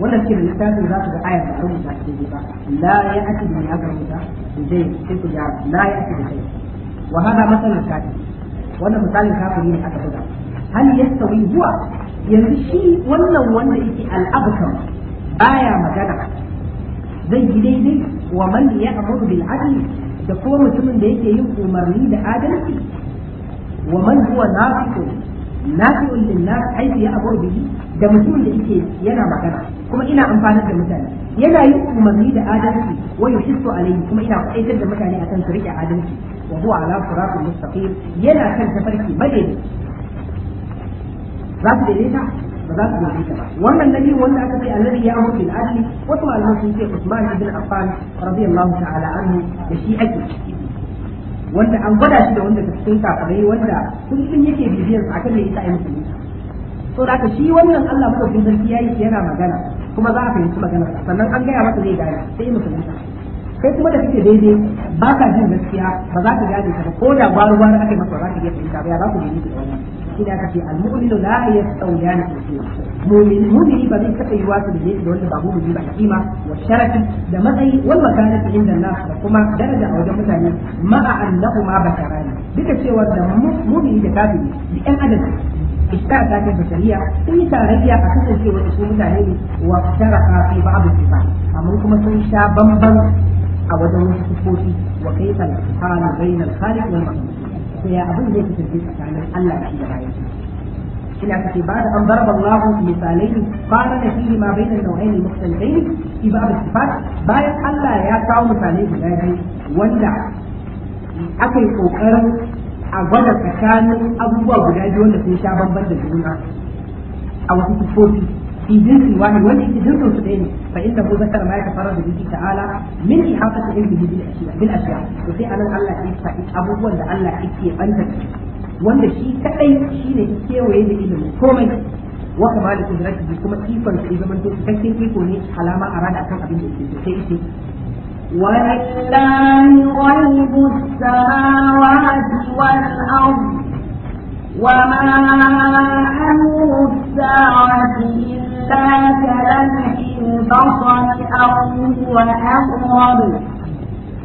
wannan ke da littafin za su ga ayar da kan mutane daidai ba la ya ake da ya ga muta zai sai ku ga la ya ake da kai wa hada masalan kafin wannan misalin kafin ne aka buga Hali ya yastawi zuwa yanzu shi wannan wanda yake al'abukan. baya magana zai yi daidai wa man ya'muru bil adli da kuma mutumin da yake yin umarni da adalci wa man huwa nafiqu nafiqu lin nas aiki ya abu bihi da mutumin da yake yana magana kuma ina amfanar da mutane yana yin umarni da adalci wa yuhissu alayhi kuma ina kwaitar da mutane akan su rike adalci wa huwa ala siratin mustaqim yana kan tafarki madaidaici za su daidaita ba za su zargi ta ba wannan nabi wanda aka ce annabi ya mutu da adli wasu malaman sun ce Usman ibn Affan radiyallahu ta'ala anhu da shi ake wanda an gwada shi da wanda ta cikin kafirai wanda kullum yake bibiyar sa akan yayi sa'i musulmi so da shi wannan Allah madaukakin sarki yayi yana magana kuma za a fahimci magana sannan an gaya masa zai gane sai musulmi kai kuma da kake daidai ba ka jin gaskiya ba za ka gane ta ba ko da gwaru-gwaru aka yi masa ba za ka iya fahimta ba ya za ku daidai da wannan shi da aka ce al-mu'minu la yastawiyana fi mu'min mu'mini ba zai kafa yiwa su da da wanda ba mu'mini ba kima wa sharafin da matsayi wal makanati inda Allah da kuma daraja a wajen mutane ma'a annahu ma bakarani duka cewa da mu'mini da kafiri duk ɗan adam اشتاء a البشرية في تاريخ أكثر شيء وإسلام تاريخ وافترق في بعض الصفات أمركم سنشا بمبل أو دون الصفوت وكيف الحال بين الخالق والمخلوق to ya abin zai kasance tsakanin Allah da shi da bayan shi ina kace ba da an darba Allah misalai fara da shi ma bai da nau'ain mukhtalifain ibadu sifat bayan Allah ya kawo misalai guda biyu wanda aka yi kokarin a gwada tsakanin abubuwa guda biyu wanda sun sha bamban da juna a wasu sifofi في جنس واحد والجنس جنس سدين فإنه ذكر ما يتفرد به تعالى من إحاطة علمه بالأشياء بالأشياء وفي أن الله يدفع أبوه ولا الله يكفي أنت wanda shi kadai shi ne kewaye da ilimin komai wa kama da kudrati bi kuma ikon da zama to cikakken iko ne alama a rada kan abin da yake sai yake ولله غيب السماوات والأرض وما أمر الساعة إلا كلمح البصر أو هو أقرب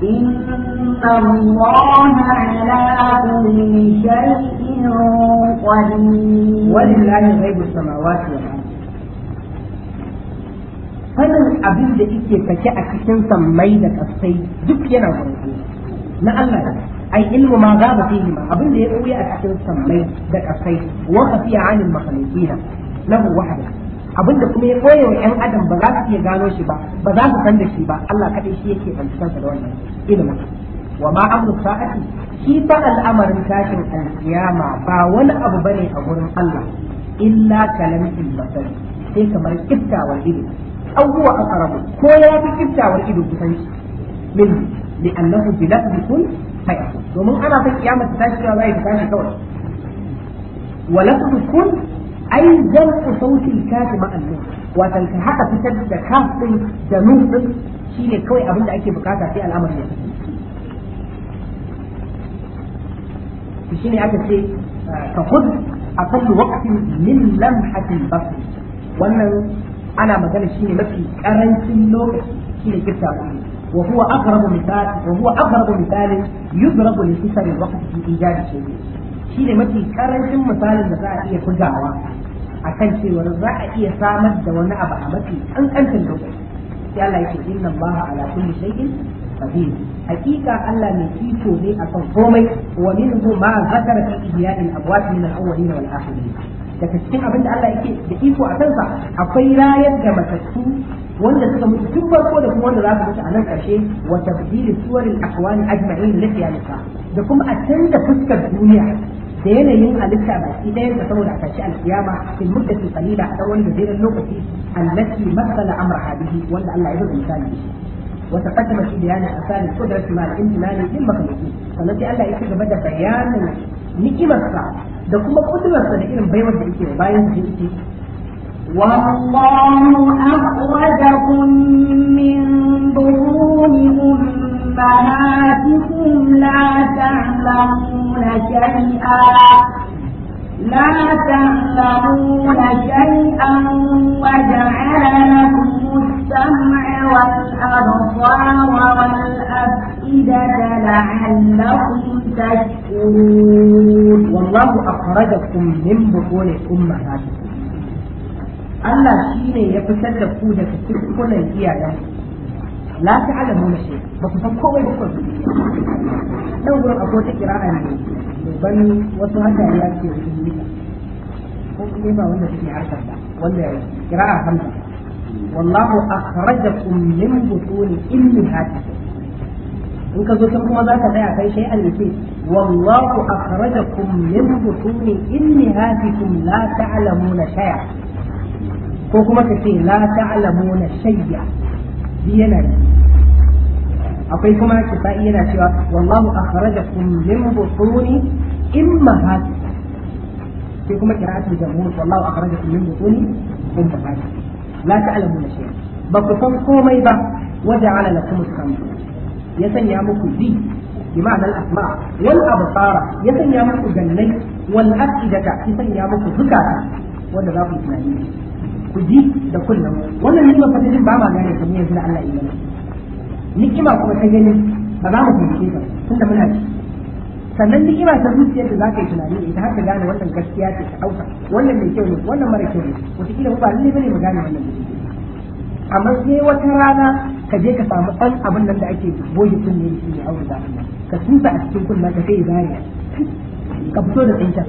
إن الله على كل شيء قدير ولله غيب السماوات والأرض sanin abin da yake kake a cikin sammai da kasai duk yana gurin Allah na Allah ai ilmu ma gaba fihi ma abin ya buya a cikin sammai da kasai wa khafiya anil makhluqina lahu wahda abin da kuma ya koya wa ƴan adam ba za su iya gano shi ba ba za su san da shi ba Allah kadai shi yake tsantsanta da wannan ilimin wa ma amru sa'ati shi fa al'amarin tashin alkiyama ba wani abu bane a wurin Allah illa kalamil basar sai kamar kiftawar ido aw ko ya fi min annahu bi فيأخذ طيب. ومن أنا في القيامة تتاشي وما يتتاشي كورا ولكن كل أي جرح صوت الكاتمة النور وتلتحق في سبب تكافل جنوب شيء كوي أبدا أكي بكاتا في الأمر يتكلم في شيء يأتي شيء تخذ آه، أقل وقت من لمحة البصر وأنا أنا مثلا شيء مثل أرنسي اللوك شيء كيف تأخذ وهو أقرب مثال وهو أقرب مثال يضرب لكسر الوقت في إيجاد شيء شيء mafi karancin misalin da za a iya bugawa a kan cewar za a iya samar da wani abu a mafi kankancin lokaci sai Allah ya ce inna Allah ala kulli shay'in hakika Allah mai iko ne akan komai wa minhu ma zakara fi ihya'il abwat min al-awwalin wal akhirin daga cikin abin da Allah yake da iko a kansa akwai rayar da matattu wanda suka mutu tun farko da kuma wanda za su mutu a nan ƙarshe wa tabdil suwaril ahwani ajma'in lati yalika da kuma a canza fuskar duniya da yanayin halitta baki ɗayan da saboda a tashi alkiyama fil muddatin qalila a wani gajeren lokaci allati masala amra hadihi wanda Allah ya buga misali وتقدم في بيان اثار القدره مع الامتنان للمخلوقين ya ci gaba da bayanin. nikimarsa da kuma kudurarsa da irin baiwar da yake bayan da yake والله أخرجكم من بطون أمهاتكم لا تعلمون شيئا لا تعلمون شيئا وجعل لكم السمع والأبصار والأفئدة لعلكم تشكرون والله أخرجكم من بطون أمهاتكم Allah shi ne ya fitar da ku daga cikin iyayen la ta alamu na shi ba ku san komai ba ku nan gurin akwai ta kira'a ne ban wasu haka ya ce su yi ko kuma ba wanda suke harkar da wanda Kira kira'a hamsa wallahu akhrajakum min butuni ummihatikum in ka zo can kuma za ka tsaya kai shay'an da ce wallahu akhrajakum min butuni innihatikum la ta'lamuna shay'a ko kuma ka ce la ta'lamuna shay'a yana akwai kuma kisa'i yana cewa wallahu akhrajakum min butuni immahatikum sai kuma qira'atul jamhur wallahu akhrajakum min butuni ummahatikum la ta'lamuna shay'a ba ku san komai ba waja'ala lakum as-sam'a ya sanya muku ji بمعنى الأسماع والأبصار يسن يا مكو جنني والأفئدة يسن يا مكو nikima ولا ذاك إسماعيل كجي ده كله ولا نجم فتجد بعما جاني كمية ta على ba za mu سجني ba. كم كيف كنت منهج sannan duk ta zuciyar da za ka yi tunani ita har ka gane wannan gaskiya ce ta ɗauka wannan mai kyau ne wannan mara kyau ne wataƙila ba lalle bane mu gane wannan amma sai wata rana ka je ka samu ɗan abin nan da ake goge kunne shi ne aure da nan ka tsufa a cikin kunna ka kai zariya ka fito da tsinta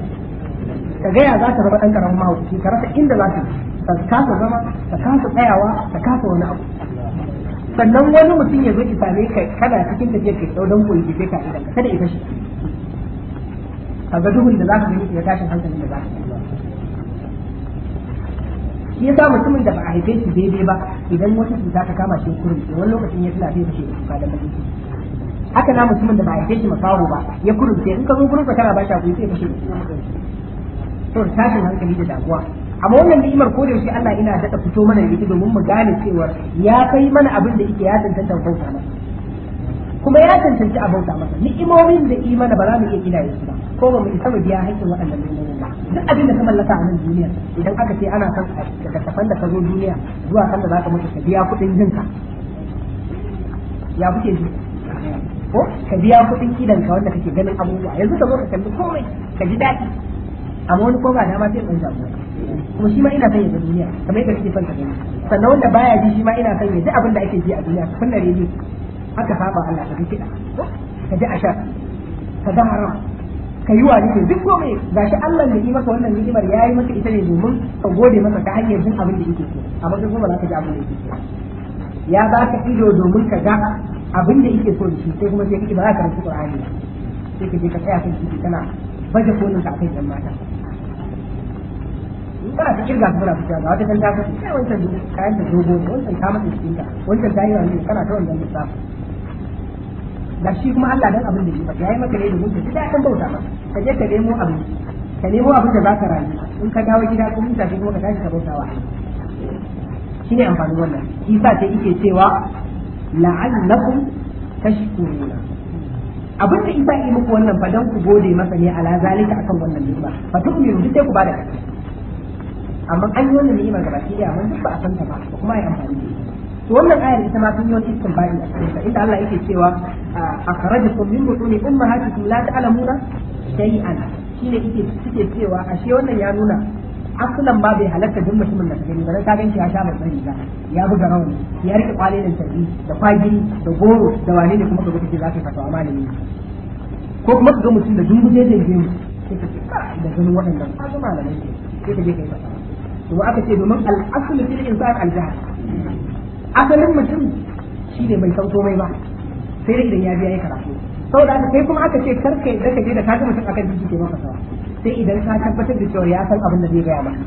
ka gaya za ka zama ɗan ƙaramin mahaukaci ka rasa inda za ka ka kasa zama ka kasa tsayawa ka kasa wani abu sannan wani mutum ya zo ki same ka kana cikin tafiya kai tsau don koyi kife ka idan kada ita shi ga duhun da za ka gani ya tashin hankali da za ka shi sa mutumin da ba a haife shi daidai ba idan wata cuta ta kama shi kurin wani lokacin ya tuna sai shi kuka da bakin haka na mutumin da ba ya shi makaho ba ya kurin sai in ka zo gurin ka tara ba shi kuɗi sai fashe to tashin hankali da damuwa amma wannan ni'imar ko da yaushe Allah ina daɗa fito mana da ita domin mu gane cewa ya kai mana abin da yake ya tantance bauta masa kuma ya cancanci a bauta masa ni'imomin da imana ba za mu iya gina su ba ko ba mu isa mu biya haƙƙin waɗannan ni'imomin ba duk abin da ka mallaka a nan duniya idan aka ce ana kan daga kafan da ka zo duniya zuwa kan da za ka mutu ka biya kuɗin jinka ya kuke ji ko ka biya kuɗin idan ka wanda kake ganin abubuwa yanzu ka zo ka kalli komai ka ji daɗi amma wani ko ba dama sai ɗan jamu kuma shi ma ina son ya ga duniya kamar yadda kake son ka gani sannan wanda baya ji shi ma ina son ya abin da ake ji a duniya kunna rediyo aka saba Allah ka kiɗa ka ji a ka ga haram ka yi wa ne duk Ga shi Allah da yi maka wannan ni'imar yi maka ita ne domin ka gode masa ta hanyar jin abin da yake so amma kai kuma ba ka ji abin da yake so ya ba ka ido domin ka ga abin da yake so da shi sai kuma sai kake ba za ka rubuta Qur'ani sai ka je ka tsaya kan titi kana baje kolin ka akai dan mata in kana cikin gasa kana fita ga wata kan ta kace wancan kayan da dogo wancan ta mata cikin ta wancan ta yi wani kana ta wannan lissafi ga shi kuma Allah dan abin da shi ba yayi maka ne domin ka da kan bauta ba ka je ka nemo abin ka nemo abin da ka rayu in ka dawo gida ko mutum shi kuma ka tashi ka bautawa ne amfanin wannan sa sai yake cewa la'allakum tashkuruna abin da isa yi muku wannan fa dan ku gode masa ne ala zalika akan wannan ni'ima fa duk ne duk sai ku bada amma an yi wannan ma gaba ɗaya da mun duk ba a san ta ba kuma ai amfani da ita wannan ayar ita ma sun yi wani istinbari a cikin inda Allah yake cewa a karajakum min butuni ummahatikum la ta'lamuna shay'an shine yake suke cewa ashe wannan ya nuna asalan ba bai halatta duk mutumin da gani ba ka gan shi ya sha babban riga ya buga rawan ya rike kwalelin tafi da kwagiri da goro da wane ne kuma ka gudu za ka fatawa malami ko kuma ka ga mutum da dunguje da mu sai ka ce da ganin waɗannan ka da malamai sai ka je ka yi fatawa to aka ce domin al'asul fil insan al-jahl asalin mutum shi ne bai sauto mai ba sai dai idan ya biya ya karatu saboda haka sai kuma aka ce karka da ka je da kaga mutum akan jiki ke maka sawa sai idan ka tabbatar da cewa ya san abin da zai gaya maka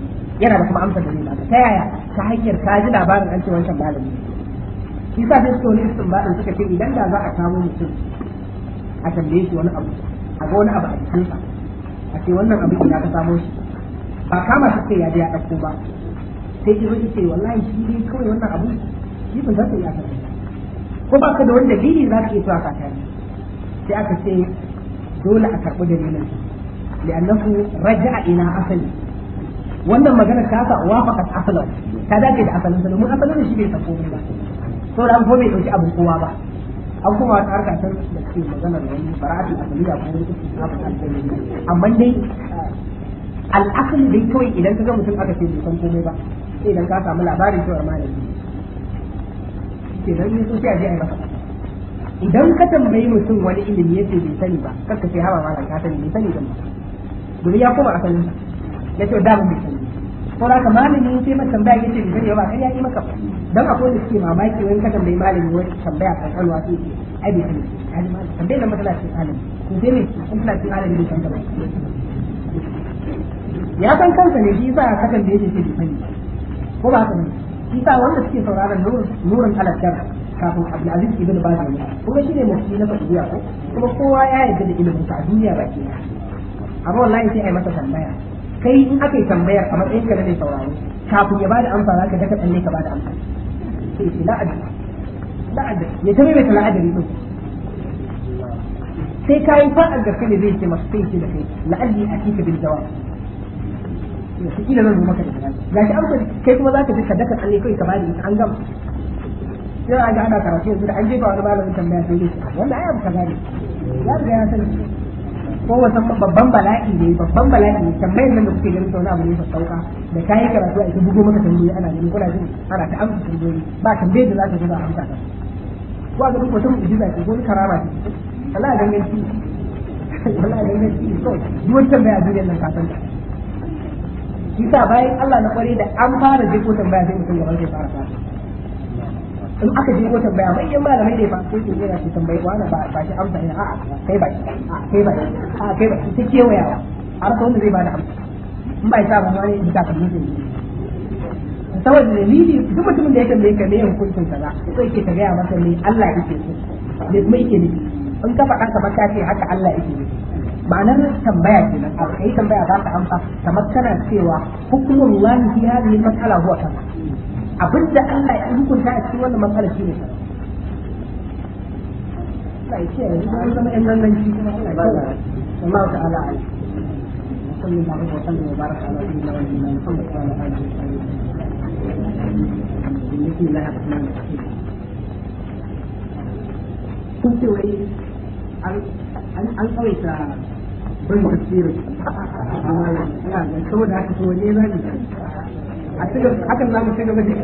yana da kuma amsar da zai baka ta yaya ta hanyar ka ji labarin an ce wancan malami shi sa sai suka wani istinbadin suka ce idan da za a samu mutum a tambaye shi wani abu a ga wani abu a sa a ce wannan abin ina ka samo shi ba kama su ce ya biya ɗauko ba sai ki zo ce wallahi shi ne kawai wannan abu ni ban za ta iya karanta ko ba ka da wani dalili za ka iya zuwa ka tare sai aka ce dole a karɓi dalilin da. raja a ina asali wannan magana ta ka wafaqat aslan ta dace da asalin sa domin asalin shi bai sako ba to da ko bai dauki abin kowa ba an kuma wata harka ta da ke maganar wani bara'atul asaliya ko wani istisnafu al-asali amma dai al'akali dai kawai idan ka ga mutum aka ce bai san komai ba sai idan ka samu labarin cewa malami ce nan ne sai a je idan ka tambayi mutum wani ilimi yace bai sani ba kar ka ce hawa ma ka sani bai sani ba domin ya koma asalin ya ce da bai sani ko da ka malamin sai masa tambaya yace bai sani ba kai ya yi maka dan akwai da suke mamaki wani ka tambayi malamin wani tambaya kan kalwa sai ce ai bai sani tambayi nan matsala ce malami ko sai ne matsala ce malami bai san ba ya san kansa ne shi yasa ka tambaye shi bai sani ko ba ka sani isa wanda suke sauraron nurin alaskar kafin abdulaziz ibn baz ne kuma shine mafi na saudiya ko kuma kowa ya yarda da ilimin sa a duniya baki amma wallahi sai a yi masa tambaya kai in aka yi tambayar a matsayin ka ne sauraron kafin ya bada amsa zaka daka tsalle ka bada amsa sai shi la'ad la'ad ya tare da la'adari din sai kayan fa'ar gaske ne zai ce masu sai shi da kai la'alli a cikin jawab su kila zan zo maka da gida shi an kai kuma zaka ji ka daka tsalle kai ka bari an gama yau an ga ana karatu yanzu da an jefa wani malamin tambaya sai dai wanda ai amsa kaza ne ya riga ya sani ko wasan babban bala'i ne babban bala'i ne tambayar nan da kuke ganin sauna abu ne fa sauka da kayi karatu a ita bugo maka tambayoyi ana ganin kuna jin ana ta amsa tambayoyi ba tambayar da za ka zo ba amsa ta ko a ga duk wata mu'jiza ce ko karama ce Allah ya ganganci Allah ya ganganci to duk wata tambaya duniyar nan ka san ta Isa bayan Allah na kware da an fara jiko tambaya sai mutum ya barke fara fara in aka je ko tambaya mai yan malamai ne ba sai ke yana su tambayi ana ba ba shi amsa ina a'a kai ba a kai ba a kai ba ta waya har ta wanda zai bada amsa in ba ya sa ba wani ya sa kamar zai saboda ni duk mutumin da ya tambaye ka me hukuncin kaza sai yake ta gaya masa ne Allah yake so me kuma yake ne in ka faɗa ka ba ka ce haka Allah yake nufi معناها التنبيه لأن أي تنبيه ذات عمقه تمكن سوى حكم الله في هذه المسألة هو كما أبدا أن لا يكون ذات سوى المسألة في مثلا لا شيء، إنما إنما نجيك الله. الله تعالى. صلى الله عليه وسلم وبارك على نبينا محمد وعلى آله وصحبه وسلم. بسم الله الرحمن الرحيم. كنت وعي أن أن أريد bin tafsirin da haka to waje ba ne. a cikin hakan za mu ci gaba da shi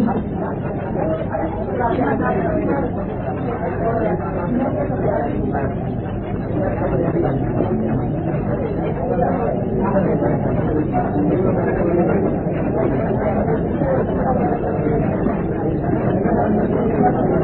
Thank you.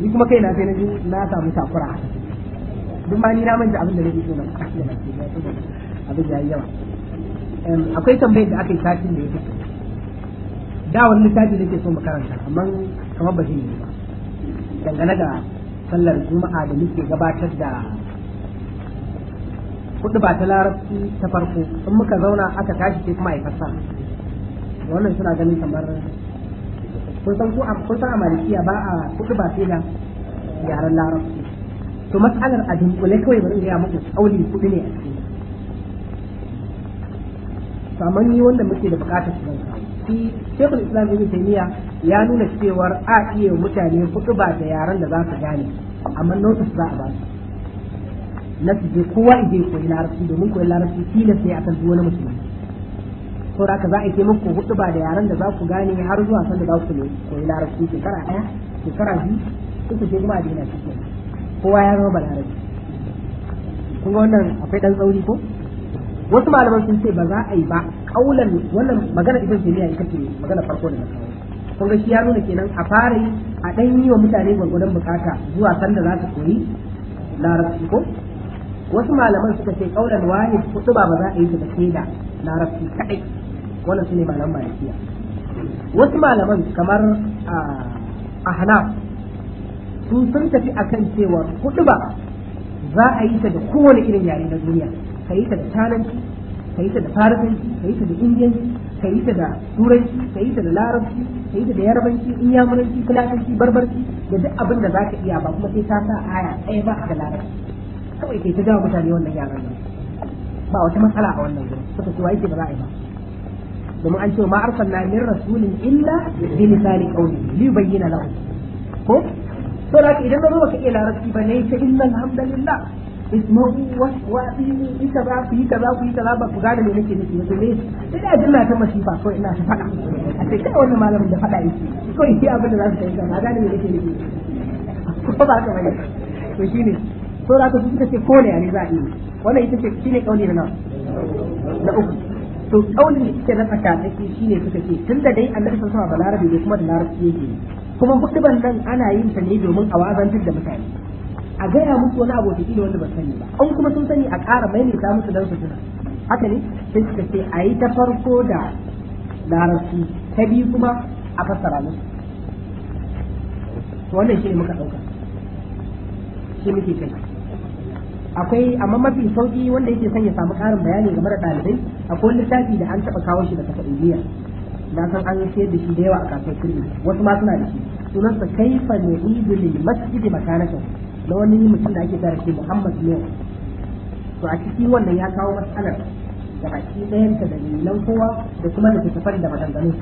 ni kuma kai na sai na na samu takura duk ma ni na manta abin da nake so na abin da yawa akwai tambayar da aka yi satin da ya fito da wani littafi nake so makaranta amma kamar ba zai yi ba dangane da sallar juma'a da muke gabatar da kudu ba ta larabci ta farko in muka zauna aka tashi ke kuma a yi wannan suna ganin kamar kun san ku kun san a ba a kudu ba sai da yaran larabci to matsalar a dunkule kawai bari ya muku tsauli kudu ne a cikin to amma ni wanda muke da bukatar su shi shekul islam ibn taymiya ya nuna cewar a iya mutane kudu ba da yaran da za su gane amma notice za a ba su na su je kowa ije koyi larabci domin koyi larabci tilas ne akan duk wani musulmi ko da za a ke muku hudu ba da yaran da za ku gane har zuwa san da za ku koyi larabci shekara ɗaya shekara biyu uku ce kuma a daina cikin kowa ya zama balarabi kun wannan akwai dan tsauri ko wasu malaman sun ce ba za a yi ba kaulan wannan magana ibn jami'a ita ce magana farko da na kawo kun ga shi ya nuna kenan a fara yi a ɗan yi wa mutane gwargwadon bukata zuwa sanda za su koyi larabci ko wasu malaman suka ce kaulan wani hudu ba za a yi ta da larabci kadai wannan su ne malaman malikiya wasu malaman kamar a hana sun sun tafi akan cewa kuɗi ba za a yi ta da kowane irin yare na duniya ka yi ta da tananci ka yi ta da farisanci ka yi ta da indiyanci ka yi ta da turanci ka yi ta da larabci ka yi ta da yarbanci inyamuranci fulatanci barbarci da duk abin da za ka iya ba kuma sai ta sa aya ɗaya ba da larabci kawai kai ta jawo mutane wannan yaren nan ba wata matsala a wannan gurin suka ce wa yake ba za a yi ba domin an ce ma arsalna min rasulin illa bi lisani qawli li bayyana lahu ko to da idan ba baka iya larabci ba ne ta illa alhamdulillah ismahu waswati ita ba ku yi kaza ku yi kaza ba ku gane me nake nufi wato ne ina jinna ta masifa ko ina ta fada a ce kai wannan malamin da fada yake ko yi abin da za su yi ba gane me nake nufi ko ba ka bane to shine to da ka suka ce ko ne a ne za a yi wannan ita ce shine kauli na na uku to kaulin da suke na shi shine suka ce da dai an sallallahu alaihi wasallam balarabi ne kuma da larabci yake kuma hutuban nan ana yin ta ne domin a wazantar da mutane a gaya musu wani abu da wanda ba sani ba an kuma sun sani a ƙara ne musu dan su tuna haka ne sai suka ce a yi ta farko da larabci ta biyu kuma a fassara musu wannan shi ne muka ɗauka shi muke kai akwai amma mafi sauki wanda yake son ya samu karin bayani game da ɗalibai akwai littafi da an taɓa kawo shi daga Saudiya na san an sayar da shi da yawa a kasuwar kirki wasu ma suna da shi sunan sa kaifa nu'idu lil masjidi makanaka na wani mutum da ake tare shi Muhammad ne to a cikin wannan ya kawo matsalar da baki ɗayan ta da nan kowa da kuma da tafafan da maganganun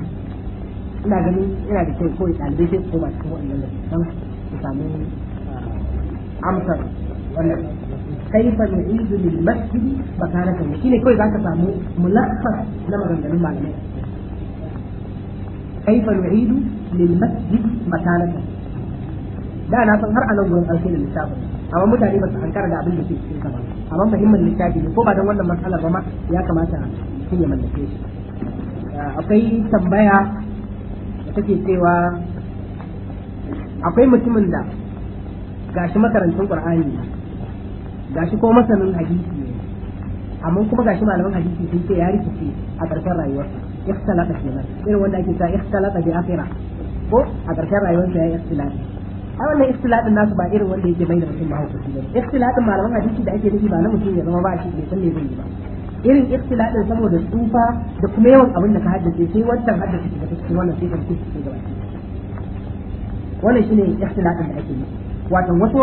ina ganin ina da kyau kawai ɗalibai sai su koma cikin wannan san su samu ah, amsar wannan kaifa yu'idu lil masjid ne shine kai zaka samu mulaffas na maganganun malamai kaifa yu'idu lil masjid makanatan da na san har anan nan gurin alƙi da amma mutane ba su hankara da abin da ke cikin ba amma muhimmin littafi ne ko ba don wannan matsalar ba ma ya kamata sun yi mallake shi akwai tambaya da take cewa akwai mutumin da gashi makarantun qur'ani gashi ko masanin hadisi ne amma kuma gashi malaman hadisi sun ce ya rikice a ƙarshen rayuwarsa ikhtalata kenan irin wanda ake cewa ikhtalata bi akhira ko a ƙarshen rayuwarsa ya ikhtilata a wannan ikhtilatin nasu ba irin wanda yake bai da mutum mahaukaci ba ikhtilatin malaman hadisi da ake nufi ba na mutum ya zama ba shi ne san me zai yi ba irin ikhtilatin saboda tsufa da kuma yawan abin da ka haddace sai wancan haddace da take wannan sai ka fice gaba wannan shine ikhtilatin da ake yi wato wasu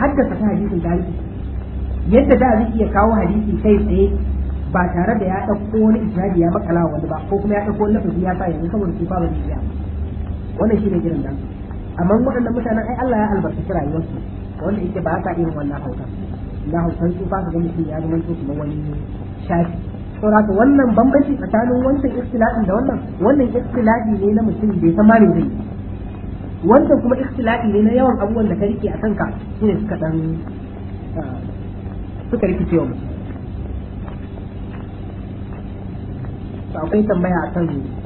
haddasa ta hadisin tarihi yadda da zai iya kawo hadisi kai tsaye ba tare da ya ɗauko wani ijtihadi ya makala wani ba ko kuma ya ɗauko wani lafazi ya sa yanzu saboda kifa ba zai iya wannan shi shine girin dan amma waɗannan mutanen ai Allah ya albarkaci rayuwarsu wanda yake ba ka irin wannan hauka na hausan su fasa ka ga ya zama to kuma wani shafi saboda wannan bambanci tsakanin wancan ikhtilafin da wannan wannan ikhtilafi ne na mutum bai san ma me zai wannan kuma ikhtilafi ne na yawan abubuwan da ka rike a kanka shine suka dan ah, suka rikice wa mutum akwai tambaya akan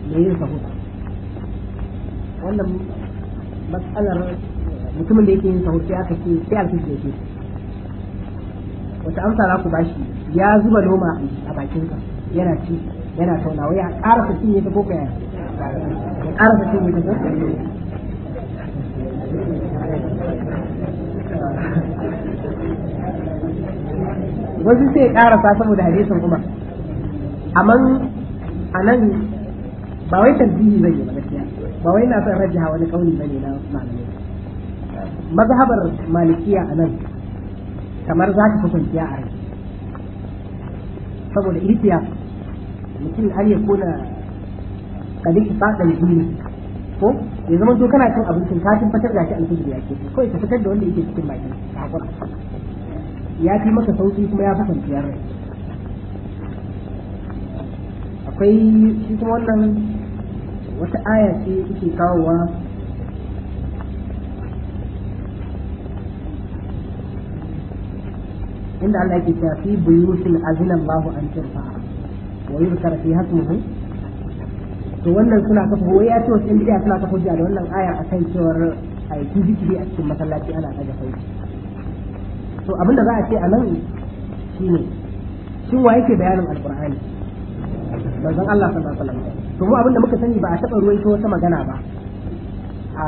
me yin sahuta wannan matsalar mutumin da yake yin sahur sai aka ce sai a da shi wata amsa za ku bashi ya zuba noma a ka yana ci yana wai ya ƙara fasin cinye ta ko kaya ya ƙara fasin cinye ta ko wasu sai karasa saboda hadisin umar amma a nan ba wai tarbihi zai yi ba ba wai na son rajaha wani kauli bane na malamai mazhabar malikiya a nan kamar za ka kwanciya a rai saboda itiya mutum har ya kona kadin isaɗan jini ko ya zama to kana cin abincin ka tabbatar da shi alfijir ya ke kawai ka fitar da wanda yake cikin baki ka hakura ya fi maka sauki kuma ya fi kwanciyar rai akwai shi kuma wannan wata aya ce take kawowa inda Allah yake cewa fi buyutin azina Allahu an tirfa wa yuzkar fi hasmuhu to wannan suna kafa wai ya ce wasu indiya suna kafa hujja da wannan aya akan cewar a yi zikiri a cikin masallaci ana kaga sauki to da za a ce a nan shi ne shin wa yake bayanin alqur'ani manzon Allah sallallahu alaihi wasallam to mu da muka sani ba a taba ko wata magana ba a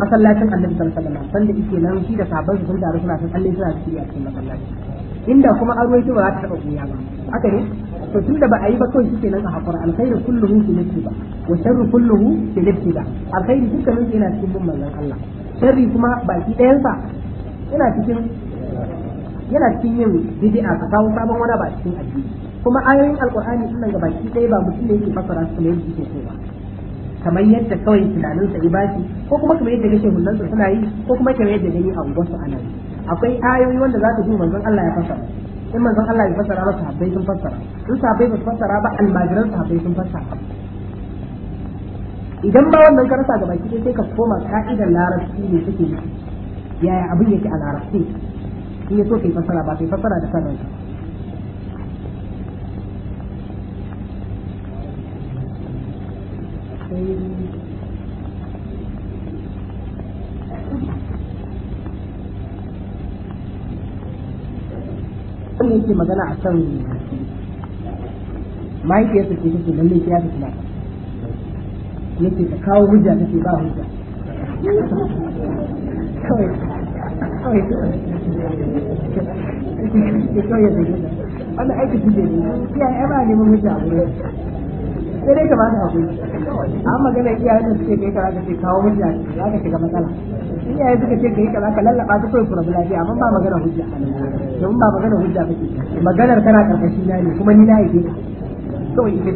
masallacin annabi sallallahu alaihi wasallam sanda yake nan shi da sahabban sun taru suna san Allah suna cikin a cikin masallaci inda kuma an ruwai ba za ta taba kuya ba haka ne to tun da ba a yi ba kawai shike nan a hakura alkhairu kulluhu fi nafsi ba wa sharru kulluhu fi nafsi ba alkhairu dukkanin yana cikin bin manzon Allah sharri kuma baki sa yana cikin yana cikin yin bid'a ka kawo sabon wani ba cikin addini kuma ayoyin alqur'ani sunan ga baki ɗaya ba mutum ne yake fassara su ne yake so ba kamar yadda kawai tunanin sa ibasi ko kuma kamar yadda gashin hullansu suna yi ko kuma kamar yadda gani a unguwarsu ana yi akwai ayoyi wanda za ka ji manzon Allah ya fassara in manzon Allah ya fassara ba sahabbai sun fassara in sahabbai ba su fassara ba almajiran sahabbai sun fassara idan ba wannan karasa ga baki sai ka koma ka'idar larabci ne suke yaya abin yake a larabci in yaso kai fassara ba kai fassara da yake magana a kan mahaifiyarsa ce take ta yafi kuma yake ta kawo hujja take ba hujja kawai wanda aiki su jini iyaye ya ba neman hujja a wurin sai dai ka ba ta hakuri an magana iyaye da suke kai kaza ce kawo hujja za ka shiga matsala iyaye suka ce kai kaza ka lallaba su kawai furabu lafiya amma ba magana hujja domin ba magana hujja kake maganar tana karkashi na ne kuma ni na yi ka kawai ita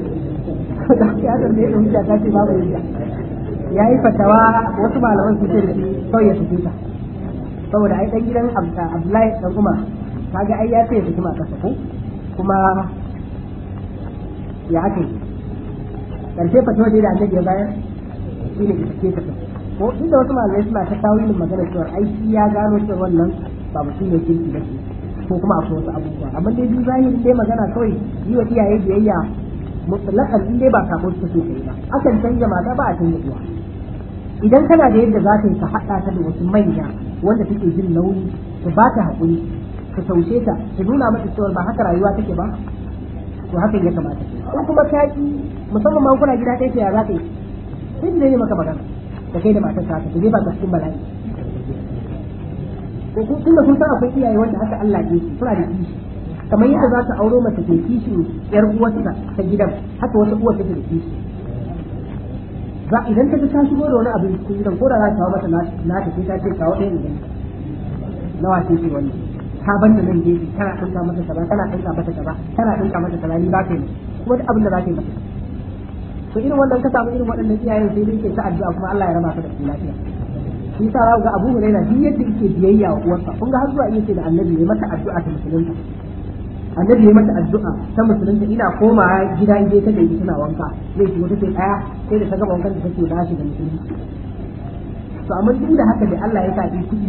ce da ya tambaye da hujja ta ce babu hujja ya yi fatawa wasu malaman su ce da shi kawai ya tafi saboda ai dan gidan Abdullahi dan Umar kaga ai ya ce su kuma kasa ko kuma ya ake karshe fatawa da annabi ya bayar shi ne ke ta ko inda wasu malamai suna ta tawilin magana cewa ai shi ya gano cewa wannan ba mutum ne kirki ba ko kuma akwai wasu abubuwa amma dai biyu zahiri dai magana kawai yi wa iyaye biyayya mutlakan in dai ba kafin su so kai ba akan canja mata ba a canza uwa idan kana da yadda za ka yi ka haɗa ta da wasu manya wanda take jin nauyi ta ba ta haƙuri ka taushe ta ta nuna mata cewa ba haka rayuwa take ba to haka ya kamata in kuma ka ki musamman ma kuna gida ɗaya ya za ka yi sai da ne maka magana da kai da matar ka ta je ba ka cikin bala'i ko kun tunda kun san akwai iyaye wanda haka Allah ke suna da kishi kamar yadda za ta auro mace ke kishin yar uwarta ta gidan haka wata uwar take da kishi za idan ta ta shigo da wani abin cikin gidan ko da za ta mata na ta ce ta ce ta ɗaya idan na wasu ce wani ta da nan gefe tana ɗinka mata kaza tana ɗinka mata kaza tana ɗinka mata ba ni ba ka yi kuma duk abin da za ka yi mata to irin wannan ka samu irin waɗannan iyayen sai dai ke ta addu'a kuma Allah ya raba ka da su lafiya shi sa za ku ga Abu Hurairah duk yadda yake biyayya wa uwarsa kun ga har zuwa yake da Annabi ne mata addu'a ta musulunta annabi ya mata addu'a ta musulunta ina koma gida in je ta gaji tana wanka zai shigo wata sai daya sai da ta gaba wankan da take dashi da musulunci to amma duk da haka da Allah ya kaɗi kuɗi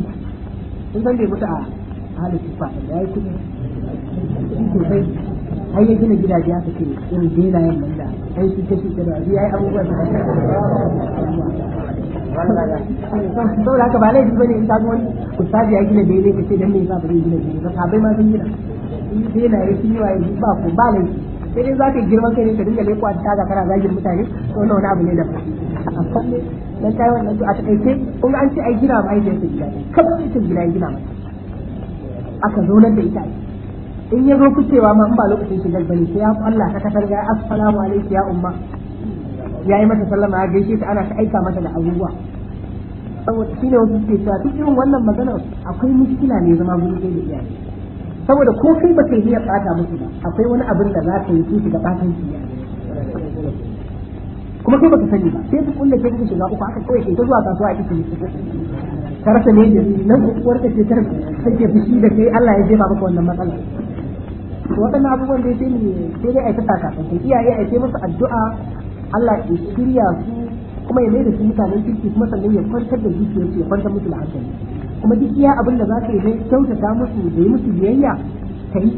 sun san bai mutu a halin sufa da ya yi kuɗi sosai har ya gina gidaje ya ke irin benayen nan da ai su ta shuka da ya yi abubuwan da saboda haka ba laifi bane in ta wani ustazi ya gina ne ka ce dan me yasa ba zai gina daidai ba sabai ma sun gina shi benaye shi waye shi ba ku ba laifi sai dai za ka girma kai ne ka dinga leko a taga kana zagin mutane to wannan wani abu ne da a kalle dan kai wannan to a takaice kun an ce ai gina mai da gida kafin mutum gida gina mai aka zo nan da ita in ya zo kucewa ma in ba lokacin shigar bane sai ya Allah ta kasar ga assalamu alaikum ya umma ya yi mata sallama ya gaishe ta ana ta aika mata da abubuwa saboda shine wasu suke cewa duk irin wannan maganar akwai mushkila ne zama guri da iyaye saboda ko kai ba kai iya bata musu ba akwai wani abin da za ka yi shi da batan shi kuma kai baka sani ba sai duk wanda kai shiga uku haka kawai kai ta zuwa kasuwa a cikin ka rasa ne da nan uwar ka ce tarbi take fushi da kai Allah ya jefa maka wannan matsala waɗannan abubuwan da ya ne sai dai a aikata kafin iyaye ce musu addu'a Allah ya shirya su kuma ya mai da su mutanen kirki kuma sannan ya kwantar da zuciyarsu ya kwantar musu da hankali kuma duk iya abin da za ka yi dai kyautata musu da yi musu biyayya ka yi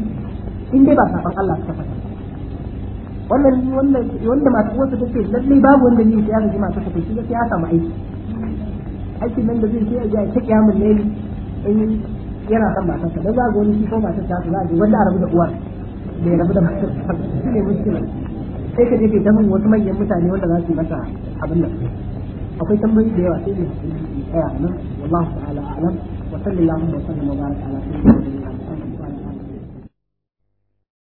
in dai ba saban Allah ta faɗa wannan wannan wanda masu wasu take lallai babu wanda ne ya ji masu take shi ya samu aiki aikin nan da zai sai ya ta kiyamun ne in yana kan matarsa dan za ga wani shi ko matar ta za ji wanda rabu da uwar da ya rabu da matar shi ne mushkila sai ka je ke ta wasu manyan mutane wanda za su yi masa abin nan akwai tambayi da yawa sai ne ɗaya nan wallahu ta'ala a'lam wa sallallahu wa sallam wa baraka ala sayyidina